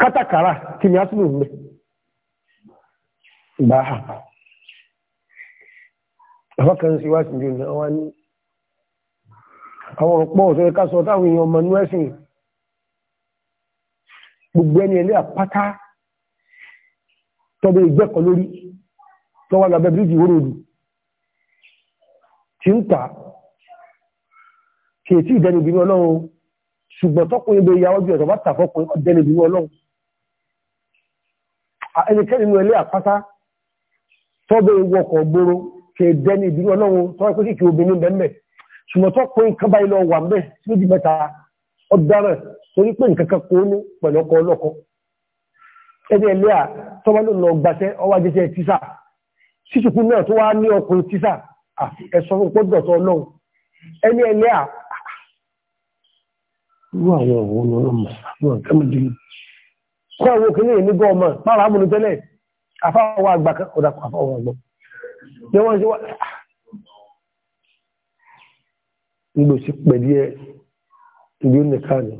kátàkárà kí ni asúlù ń bẹ báà àwọn kan sí wá sí ju ní àwọn ní àwọn ọ̀pọ̀ òṣèré ká sọ táwọn èèyàn ọmọ inú ẹ̀sìn gbogbo ẹni ẹlẹ́ àpáta tọ́bẹ̀ ìgbẹ́kọ̀ lórí tọ́wà lábẹ́ bíríjì wóròdù tí ń tà kìí tí ìdẹnubìnú ọlọ́run ṣùgbọ́n tọ́kùnrin bẹ ìyàwó bí ọ̀tọ̀ bá tà fọ́kùnrin ọlọ́run ẹnikẹ́ni inú ẹlẹ́ àpáta tọ́bẹ̀ wọkọ̀ gbóró kẹ̀ẹ́dẹ́ ní ìbínú ọlọ́run tọ́wọ́ pé kìkì obìnrin bẹ́ẹ̀ ṣùgbọ́n tó pé nǹkan báyìí lọ wà ń bẹ̀ méjì mẹ́ta ọ̀daràn torí pé nǹkan kan kóónú pẹ̀lú ọkọ̀ ọlọ́kọ̀ ẹni ẹlẹ́ à tọ́wọ́ ló lọ gbàṣẹ́ ọwọ́ ajẹ́sẹ́ tíṣà ṣíṣùkú náà kọ́ owó kìíní èmi gọ́ ọmọ pàrọ̀ àmúlù tẹ́lẹ̀ afáwọ̀ àgbà kan ọ̀dà afáwọ̀ àgbọ̀ ní wọ́n ṣe wá nílò sí pẹ̀lú ẹ ìlú nìkan ni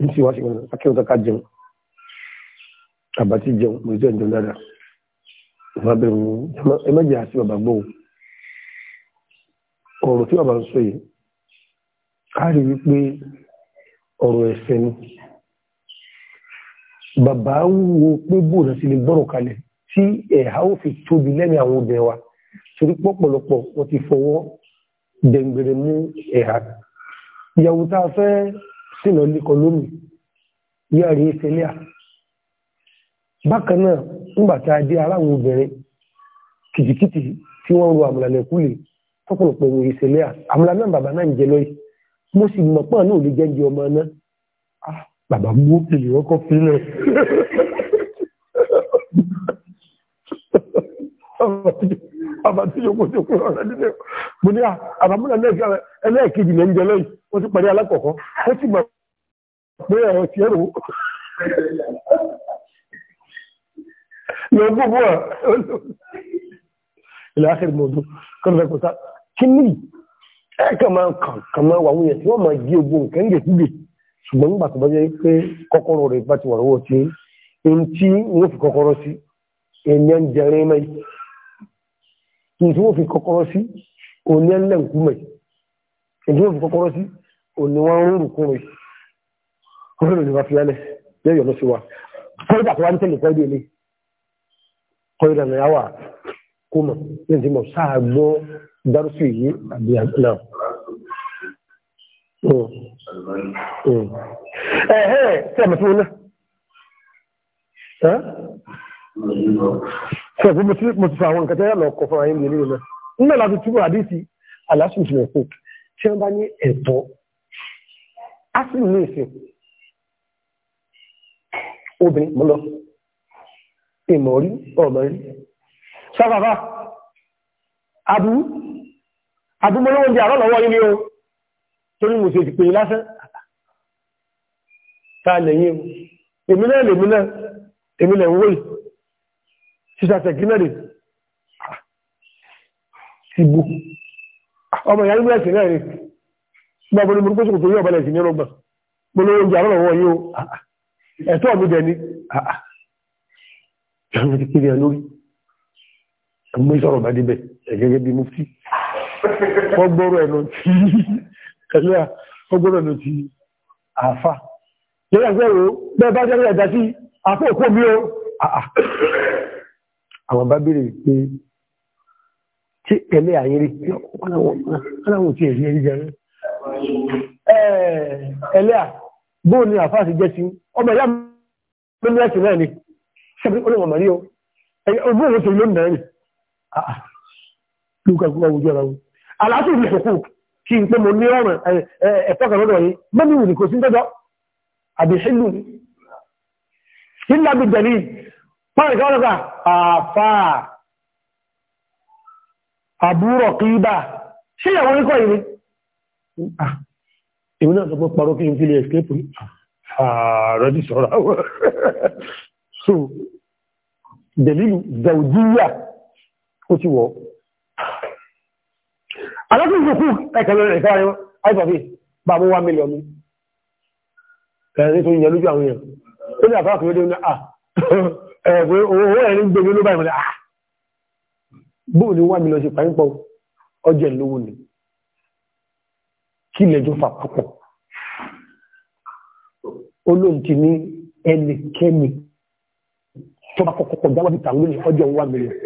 ní sì wá sí wọn akẹ́wọ̀n kankan jẹun àbátí jẹun mo jẹ́ ìjọ dáadáa ìfà bẹ̀rẹ̀ mú àti bàbá gbọ́ ọ̀rọ̀ tí bàbá ń sọ yìí ká wípé ọ̀rọ̀ ẹ̀fẹ́ ni bàbá wo pé bóòrán sí lè gbọ́rọ̀ kalẹ̀ tí ẹ̀há ò fi tóbi lẹ́nu àwọn obìnrin wa torí pọ̀pọ̀lọpọ̀ wọ́n ti fọwọ́ dẹ̀ngbèrè mú ẹ̀há ìyàwó tá a fẹ́ sínà líkọ lómi yóò rí ìfẹ́lẹ́à bákan náà nígbà tá a dé ara àwọn obìnrin kìtìkìtì tí wọ́n ń ro àmàlà lẹ́kùlé tọ́pọ̀lọpọ̀ ìwé ìfẹ́lẹ́à àmàlà náà bàbá náà ń jẹ lọ́yìí mo sì mọ̀ pọ̀ náà lè jẹ́jẹ́ ọmọ náà ah, bàbá mú èlè ọkọ̀ fílẹ̀ ọba tí yóò kó tó kúrò rẹ̀ nílé mo ní ah, àbámúlẹ̀ ẹlẹ́ẹ̀kejì lè ń jẹ lẹ́yìn ó ti parí alákọ̀ọ́kọ́ ó sì mọ̀ pé ẹ̀rọ ti ẹ̀rọ lọ gbogbo ẹ̀ ilẹ̀ ákẹ́rì mọ̀ọ́dún kọ́ńtà kọ́ńtà kí ni ẹ̀kàn máa kàn máa wà wúyẹ̀ tí wọ́n máa jí ogun nǹkan gègé ṣùgbọ́n nígbà tó bá jẹ́ pé kọ́kọ́rọ́ rẹ̀ bá ti wà lọ́wọ́ tí n tí wọ́n fi kọ́kọ́rọ́ sí ẹ̀yẹ́ ń jẹrẹ mẹ́yì n tí wọ́n fi kọ́kọ́rọ́ sí òní ẹ̀lẹ́ ń kú mẹ́yì n tí wọ́n fi kọ́kọ́rọ́ sí òní wọ́n ń rúrù kún rẹ̀ wọ́n lè wá fi alẹ́ yẹ́ yọ̀ lọ sí wa kọ́ídà tó wá ń tẹ̀lé kọ́ídà ilé kọ́ídà náà wà kó mọ̀ ní ti mọ̀ sáà gbọ́ dárúsù yìí àbí náà. Hmm. Hmm. Ẹ̀hẹ́ sẹ́mi fún náà. Sẹ́mi fún mo ti fa àwọn nǹkan tẹ́lẹ̀ lọ kọ fún ayé mi nínú náà. Nígbà láti túbọ̀ àdísì àlásùn ti mọ̀ fún tí wọ́n bá ní ẹ̀tọ́. Á sì ní ìsìn. Obìnrin mo lọ. Ìmọ̀ rí ọmọ rí sáfàfà abú Abu ń di àrọ́ lọ́wọ́ ilé o torí mo ṣe ti pè lásán ta lẹ́yìn o èmi náà lèmi náà èmi lẹ̀ ń wé sísàtẹ̀ gínàrí ìbò ọmọ ìyá nígbà ìsìnlẹ̀ rẹ̀ gbogbo ní burúkú sókòtò yóò bẹ̀rẹ̀ ìsìnlẹ̀ rọgbà gbogbo oúnjẹ àrọ́ lọ́wọ́ yóò ẹ̀tọ́ ni ẹ̀rọ ẹgbẹ́ sọ̀rọ̀ bá débẹ̀ ẹ̀gẹ́gẹ́ bí mufti ọgbọ́rọ̀ ẹ̀nà tí ẹ̀lẹ́à ọgbọ́rọ̀ ẹ̀nà tí àfà yẹ́yà gbẹ́rọ bẹ́ẹ̀ bá jẹ́ ẹ̀dá sí àfọ́ òkú mi ó àwọn bá béèrè pé tí ẹ̀lẹ́ àyẹ́rí aláwọ̀ tí ẹ̀rí ẹ̀rí jẹ́ ẹ̀lẹ́à bóò ni àfà sì jẹ́ sí ọmọ lókè ah, ah. kúkọ ojú ọ̀rọ̀ wọn aláàfin ìlú ìṣòkú kí n pé mo ní ọ̀rọ̀ ẹ̀tọ́ kan lọ́dọ̀ yìí mẹ́mí ìrìn kò sí tọ́jọ́ àbí ṣílù ìlàbí jẹ̀lì pọ́nrẹ̀ kí wọ́n lọ́gbà àfà àbúrọ̀ kí bá ṣé ìyàwó ní kọ́ yìí ah, èmi náà sọ pé parọ́ kí n fi lè escape ààrẹ dì sọ́ra so dẹ̀lì zawjiyya ó ti wọ́ alákùnkùnkù ẹ̀kẹ̀lẹ̀ rẹ̀ kára yọ́ àìsàfí bá mú wá mílíọ̀n mi ẹ̀rẹ́ tó yẹ lójú àwọn èèyàn ó ní àfáà kìí ní ah, ẹ̀ẹ̀gbẹ́ owó ẹ̀rin gbé mi ló báyìí mọ́lẹ̀ bóò ní wá mílíọ̀n sí pàípọ̀ ọjẹ́ lówó ni kí lẹ́jọ́ fà púpọ̀ olóǹtì ní ẹnikẹ́ni tó bá kọ́kọ́ jáwọ́ bí tàwọn ọjọ́ wá mílíọ̀n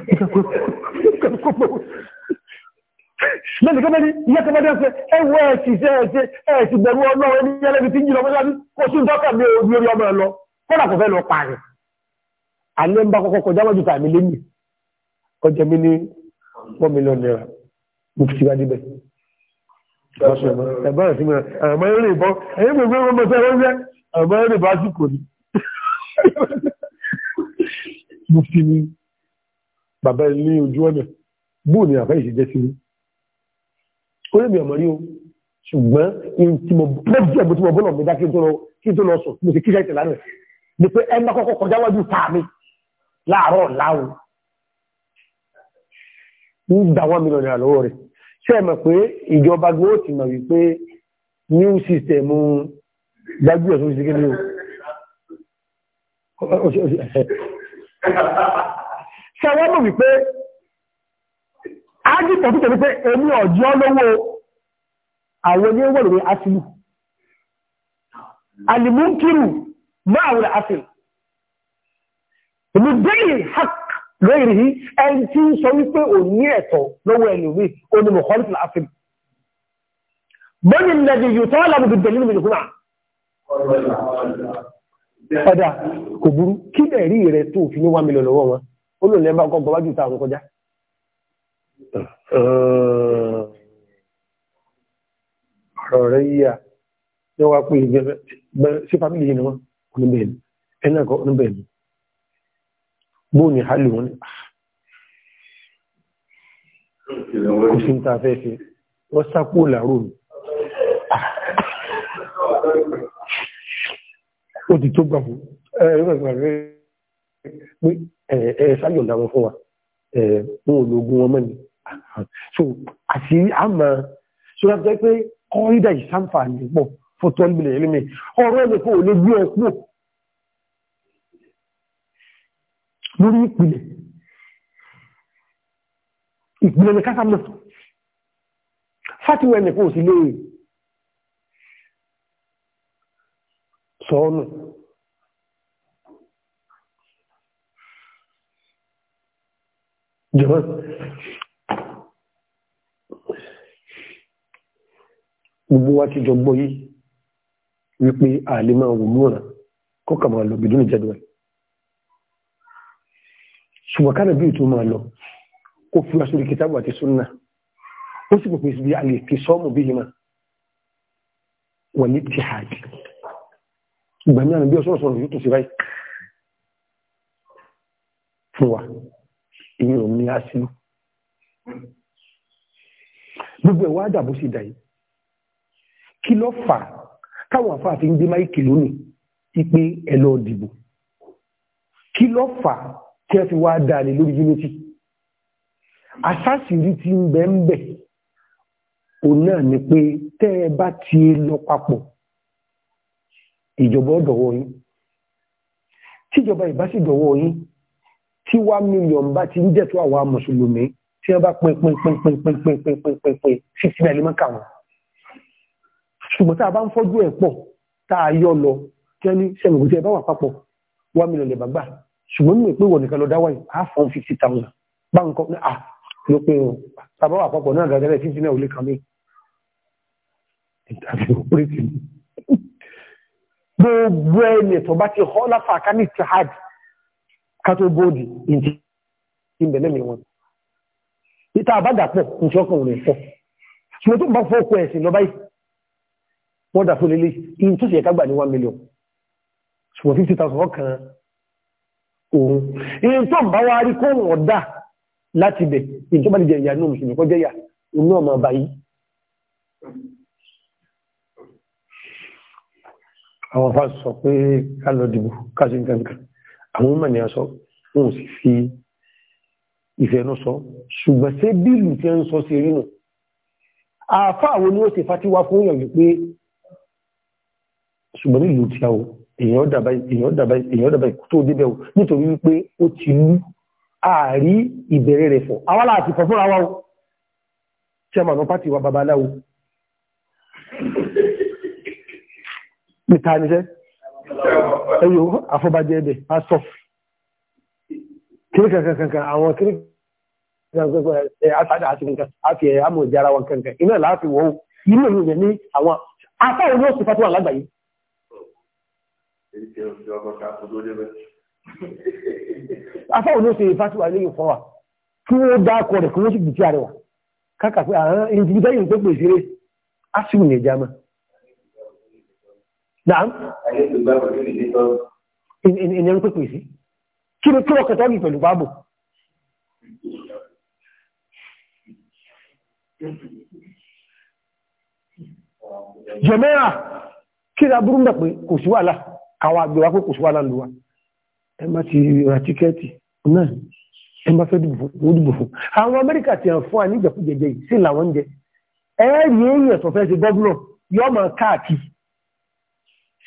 lẹ́nu kẹ́mẹ́ ní iye kẹ́mẹ́ dẹ́sẹ̀ ẹwọ́ ẹ̀sì ẹ̀sẹ̀ ẹ̀sì bẹ̀rù ọlọ́run ní ẹlẹ́bi tí ń jìnà wọ́n lábí kò sí ìdọ́kà mi ò lórí ọmọ ẹ̀ lọ kọ́nà kò fẹ́ lọ parí alẹ́ ń bá kọ́kọ́ kọjá wájú tàmí lẹ́yìn ọjọ́ mi ní one million naira mo fi síwájú bẹ́ẹ̀. ẹ̀bá rẹ̀ sí mi àmọ́ eré ìbọn ẹ̀yẹ́ mi gbọ́n mọ́ sẹ́wọ́n jẹ́ àmọ́ eré ìbásíkò ni mo fi ní bàbá ẹ ní ojú ọ̀nà bóò ni àbá ìṣẹ́jẹ́ sí mi ó lè mi ọ̀mọ́ rí o ṣùgbọ́n lẹ́bùsẹ̀ mo ti mọ̀ bọ́lọ̀ mi dá kí n tó lọ sùn mo sì kíṣẹ́ ìtẹ̀lá rẹ̀ ni pé ẹ má kọ́kọ́ kọjá wájú ta mi láàárọ̀ láwo ń dá wọn mílíọ̀nù náírà lọ́wọ́ rẹ̀ ṣé ẹ mọ̀ pé ìjọba gbọ́ ti mọ̀ wípé new system dájú ẹ̀sùn ṣe kí ni o ṣẹwọ́n mọ̀ wípé ágìtọ̀ títẹ̀ wípé èmi ọ̀jọ́ lówó àwọn oníwọ̀lùwé asìlù alìmúnkìrù máa wùlẹ̀ asìlù ìlú dẹ́yìn hak lórí rí ẹni tí ń sọ wípé ò ní ẹ̀tọ́ lọ́wọ́ ẹlòmí onímọ̀ kọ́lùfù asìlù bọ́ni lẹ́dí yóò tọ́ lábù bí dẹ̀lú mi nìkúnà ọ̀dà kò burú kí ẹ̀rí rẹ̀ tó fi ní wá mílíọ̀nù lọ́wọ́ wọn olóòlẹ́ bá kọ́ bọ́wájú ta àwọn kọjá ọ̀rọ̀ rẹ̀ yíya ní wá pé ìgbẹ̀rẹ̀ sí fámílì yìí ni wọ́n oníbẹ̀ẹ̀lú ẹ̀nà kọ́ oníbẹ̀ẹ̀lú bóò ní hálì wọn kò sí ń ta fẹ́ fi wọ́n sápò làárò mi ó ti tó gbà fún ẹ̀rọ ìgbàgbà rẹ̀ ẹ ṣáyọ̀ǹda wọn fún wa ẹ wọn ò lògùn wọn mọ́ ni so àti àmọ́ ṣọlá jẹ́ pé kọ́rídà yìí sáǹfààní pọ̀ fún tọ́lú ilẹ̀ ilé mi ọ̀rọ̀ ẹni kò lè gbé lórí ìpìlẹ̀ ìpìlẹ̀ ní kásámọ̀ fátíwẹ̀ ẹni kò sí lórí sọ́ọ̀nù jọ̀wọ́ gbogbo wa ti jọ gbọ́ yìí wípé àlè máa wò mọ́ra kó kà máa lọ bìdú ní jẹ́dọ̀ ẹ̀ ṣùgbọ́n kára bí ètò máa lọ ó fi wá sórí kìtàbù àti súnnà ó sì pèpè sí bí a lè fi sọ́ọ̀mù bí yìí wà ní ti hàjì ìgbà ìyẹn ò ní aṣílù gbogbo ẹ̀wọ́ àdàbò sí dà yìí kí ló fà káwọn àfáà fi ń gbé máìkì lónìí ipe ẹ lọ dìbò kí ló fà tí ẹ fi wá dáalé lórí unity àṣàṣìrí ti ń bẹ ń bẹ òun náà ni pé tẹ́ ẹ bá ti lọ papọ̀ ìjọba ọ̀dọ̀wọ́ yín tíjọba ìbá sì dọ̀wọ́ yín tí wá mílíọ̀n bá ti ń jẹ́ tó àwa mùsùlùmí tí wọ́n bá pín pín pín pín pín pín pín pín pín pín fífi náà lè mọ́ kàwọn. ṣùgbọ́n tá a bá ń fọ́jú ẹ̀ pọ̀ tá a yọ lọ tí wọ́n ní sẹ́yìn òkúta ẹ̀ bá wà papọ̀ wá mílíọ̀n lè bá gbà ṣùgbọ́n mi ò pé wọ̀n nìkan lọ dá wáyé a fọ́n fifty thousand bá ń kọ́ ní à ló pé o bàbá wà papọ̀ náà gàgẹ́rẹ́ fífi náà ò lè kàn mí. gbogbo ẹni tó bá ti họ́ láfàá ká ní tihad kátó bóòdì ìjì ìbẹ̀lẹ́mì wọn ìta àbádàpọ̀ ìṣọ́kàn rẹ̀ pọ̀ ṣùgbọ́n tó bá fọ́ọ̀kọ́ ẹ̀sìn lọ báyìí wọ́n dà fún lélẹ̀ in tó sì ẹ̀ká gbà ní 1 million ṣùgbọ́n 50,000 ọkàn òun in tó bá wá rí kóhùn ọ̀dá láti bẹ̀ in tó bá jẹ ìyà náà ṣùgbọ́n jẹ́ ìyà inú ọmọ báyìí àwọn fásitì sọ pé ká lọ dìbò ká ṣe nǹkan nǹkan àwọn mọ̀ ní aṣọ wọn ò sì fi ìfẹ́nu sọ ṣùgbọ́n ṣé bíìlù tí ń sọ sí rí nù àáfàá ni ó ti fatiwa fún yàn wípé ṣùgbọ́n nílùú tí a o èèyàn dàbá èèyàn dàbá èèyàn dàbá tó débẹ̀ o nítorí wípé ó ti lú ààrí ìbẹ̀rẹ̀ rẹ̀ fọ̀ àwọn láti fọ̀ fúnra ẹyọ afọbajẹ ẹbẹ pastọ kiri kankan kankan àwọn kiri kankan ẹ asájà àti nǹkan àti ẹ amọ̀ ìjára wọn kankan iná láti wọ́ o inú mi yẹn ní àwọn afáwọn ní oṣù fatuwa lágbàáyé. afáwọn ní oṣù fatuwa ilé yìí fọwà kí wọ́n dá akọ rẹ̀ kí wọ́n sì gbìtì àrẹwà kákà pé àwọn ìdílé Nàám. Ìyẹn ló pèpè sí. Kí ló kí ọkọ̀ tọ́lù pẹ̀lú báàbò? Jẹ̀mẹ́ra, kí ra burú mẹ́ pé kò sí wàhálà, àwọn àgbẹ̀ wa pé kò sí wàhálà lùwà. Ẹ má ti ra tíkẹ́ẹ̀tì náà, ẹ má fẹ́ dìbò fún. Àwọn Amẹ́ríkà ti hàn fún wa ní ìjẹ̀kújẹ̀jẹ̀ yìí sí làwọn ń jẹ. Ẹ̀ẹ́rì èèyàn tó fẹ́ ṣe gọ́gùnà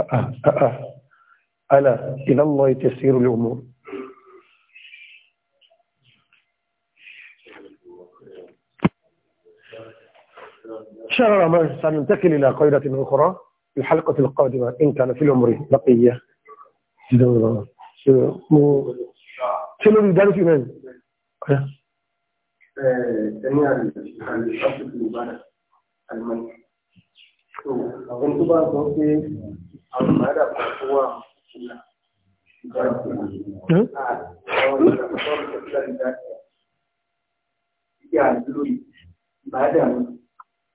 أه، أه، أه. ألا إلى الله تسير الأمور شهر رمضان سننتقل إلى قيدة أخرى في الحلقة القادمة إن كان في العمر بقية شنو àwọn tó bá sọ pé àwọn ìbáradà kan tó wà hmm? ìbáradà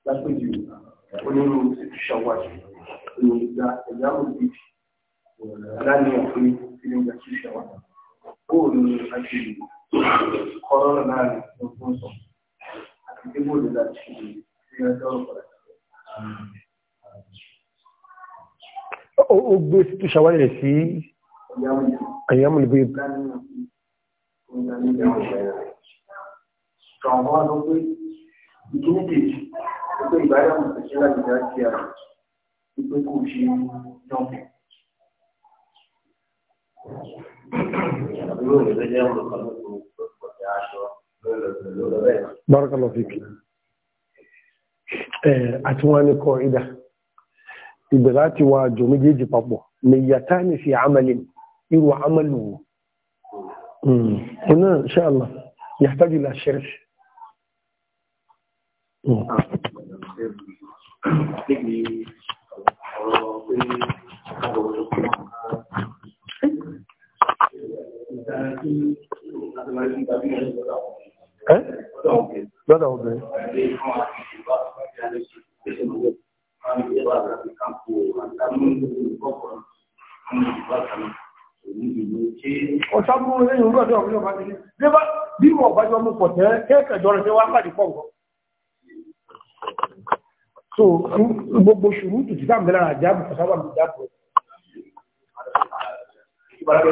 lápèjì onírúurú ṣàwájú ìgbà ìyáwó bíbí aláníyàn pé ìgbà ṣíṣàwájú bóòlù àti kọ́rọ́nà láàrin ọdún sọ àti débòlù láti ṣe ìrìnàjò ọ̀pọ̀lọpọ̀ ó gbé sí tó ṣàwárẹ̀ sí àyàmùlùbí Bárakàlọ́fíkì. Àti wọ́n ní kọ̀ ìdá. ìgbèrà ti wà jò méjèèjì papọ̀ nìyàtá ní fi àmàlì irú àmàlì wò iná ṣáàlá yàtàjù là ṣẹ́rẹ̀ Ẹ́ lọ́dọ̀ obìnrin. Anggaplah di kampung, kami berkompon, kami berkompon. Ọ̀ṣọ́gbó lẹ́yìn orú ọ̀dọ́ ọ̀gbìn ọba nílé. Bí wọ́n bá jọ mú pọ̀ tẹ́ kẹ́kẹ̀ẹ́jọ rẹ̀ wá pàdé pọ̀ nǹkan. So gbogbo ṣùrù tù títà mẹ́lá àjábù kọ̀sáwà mi jábù. Ìgbàlẹ̀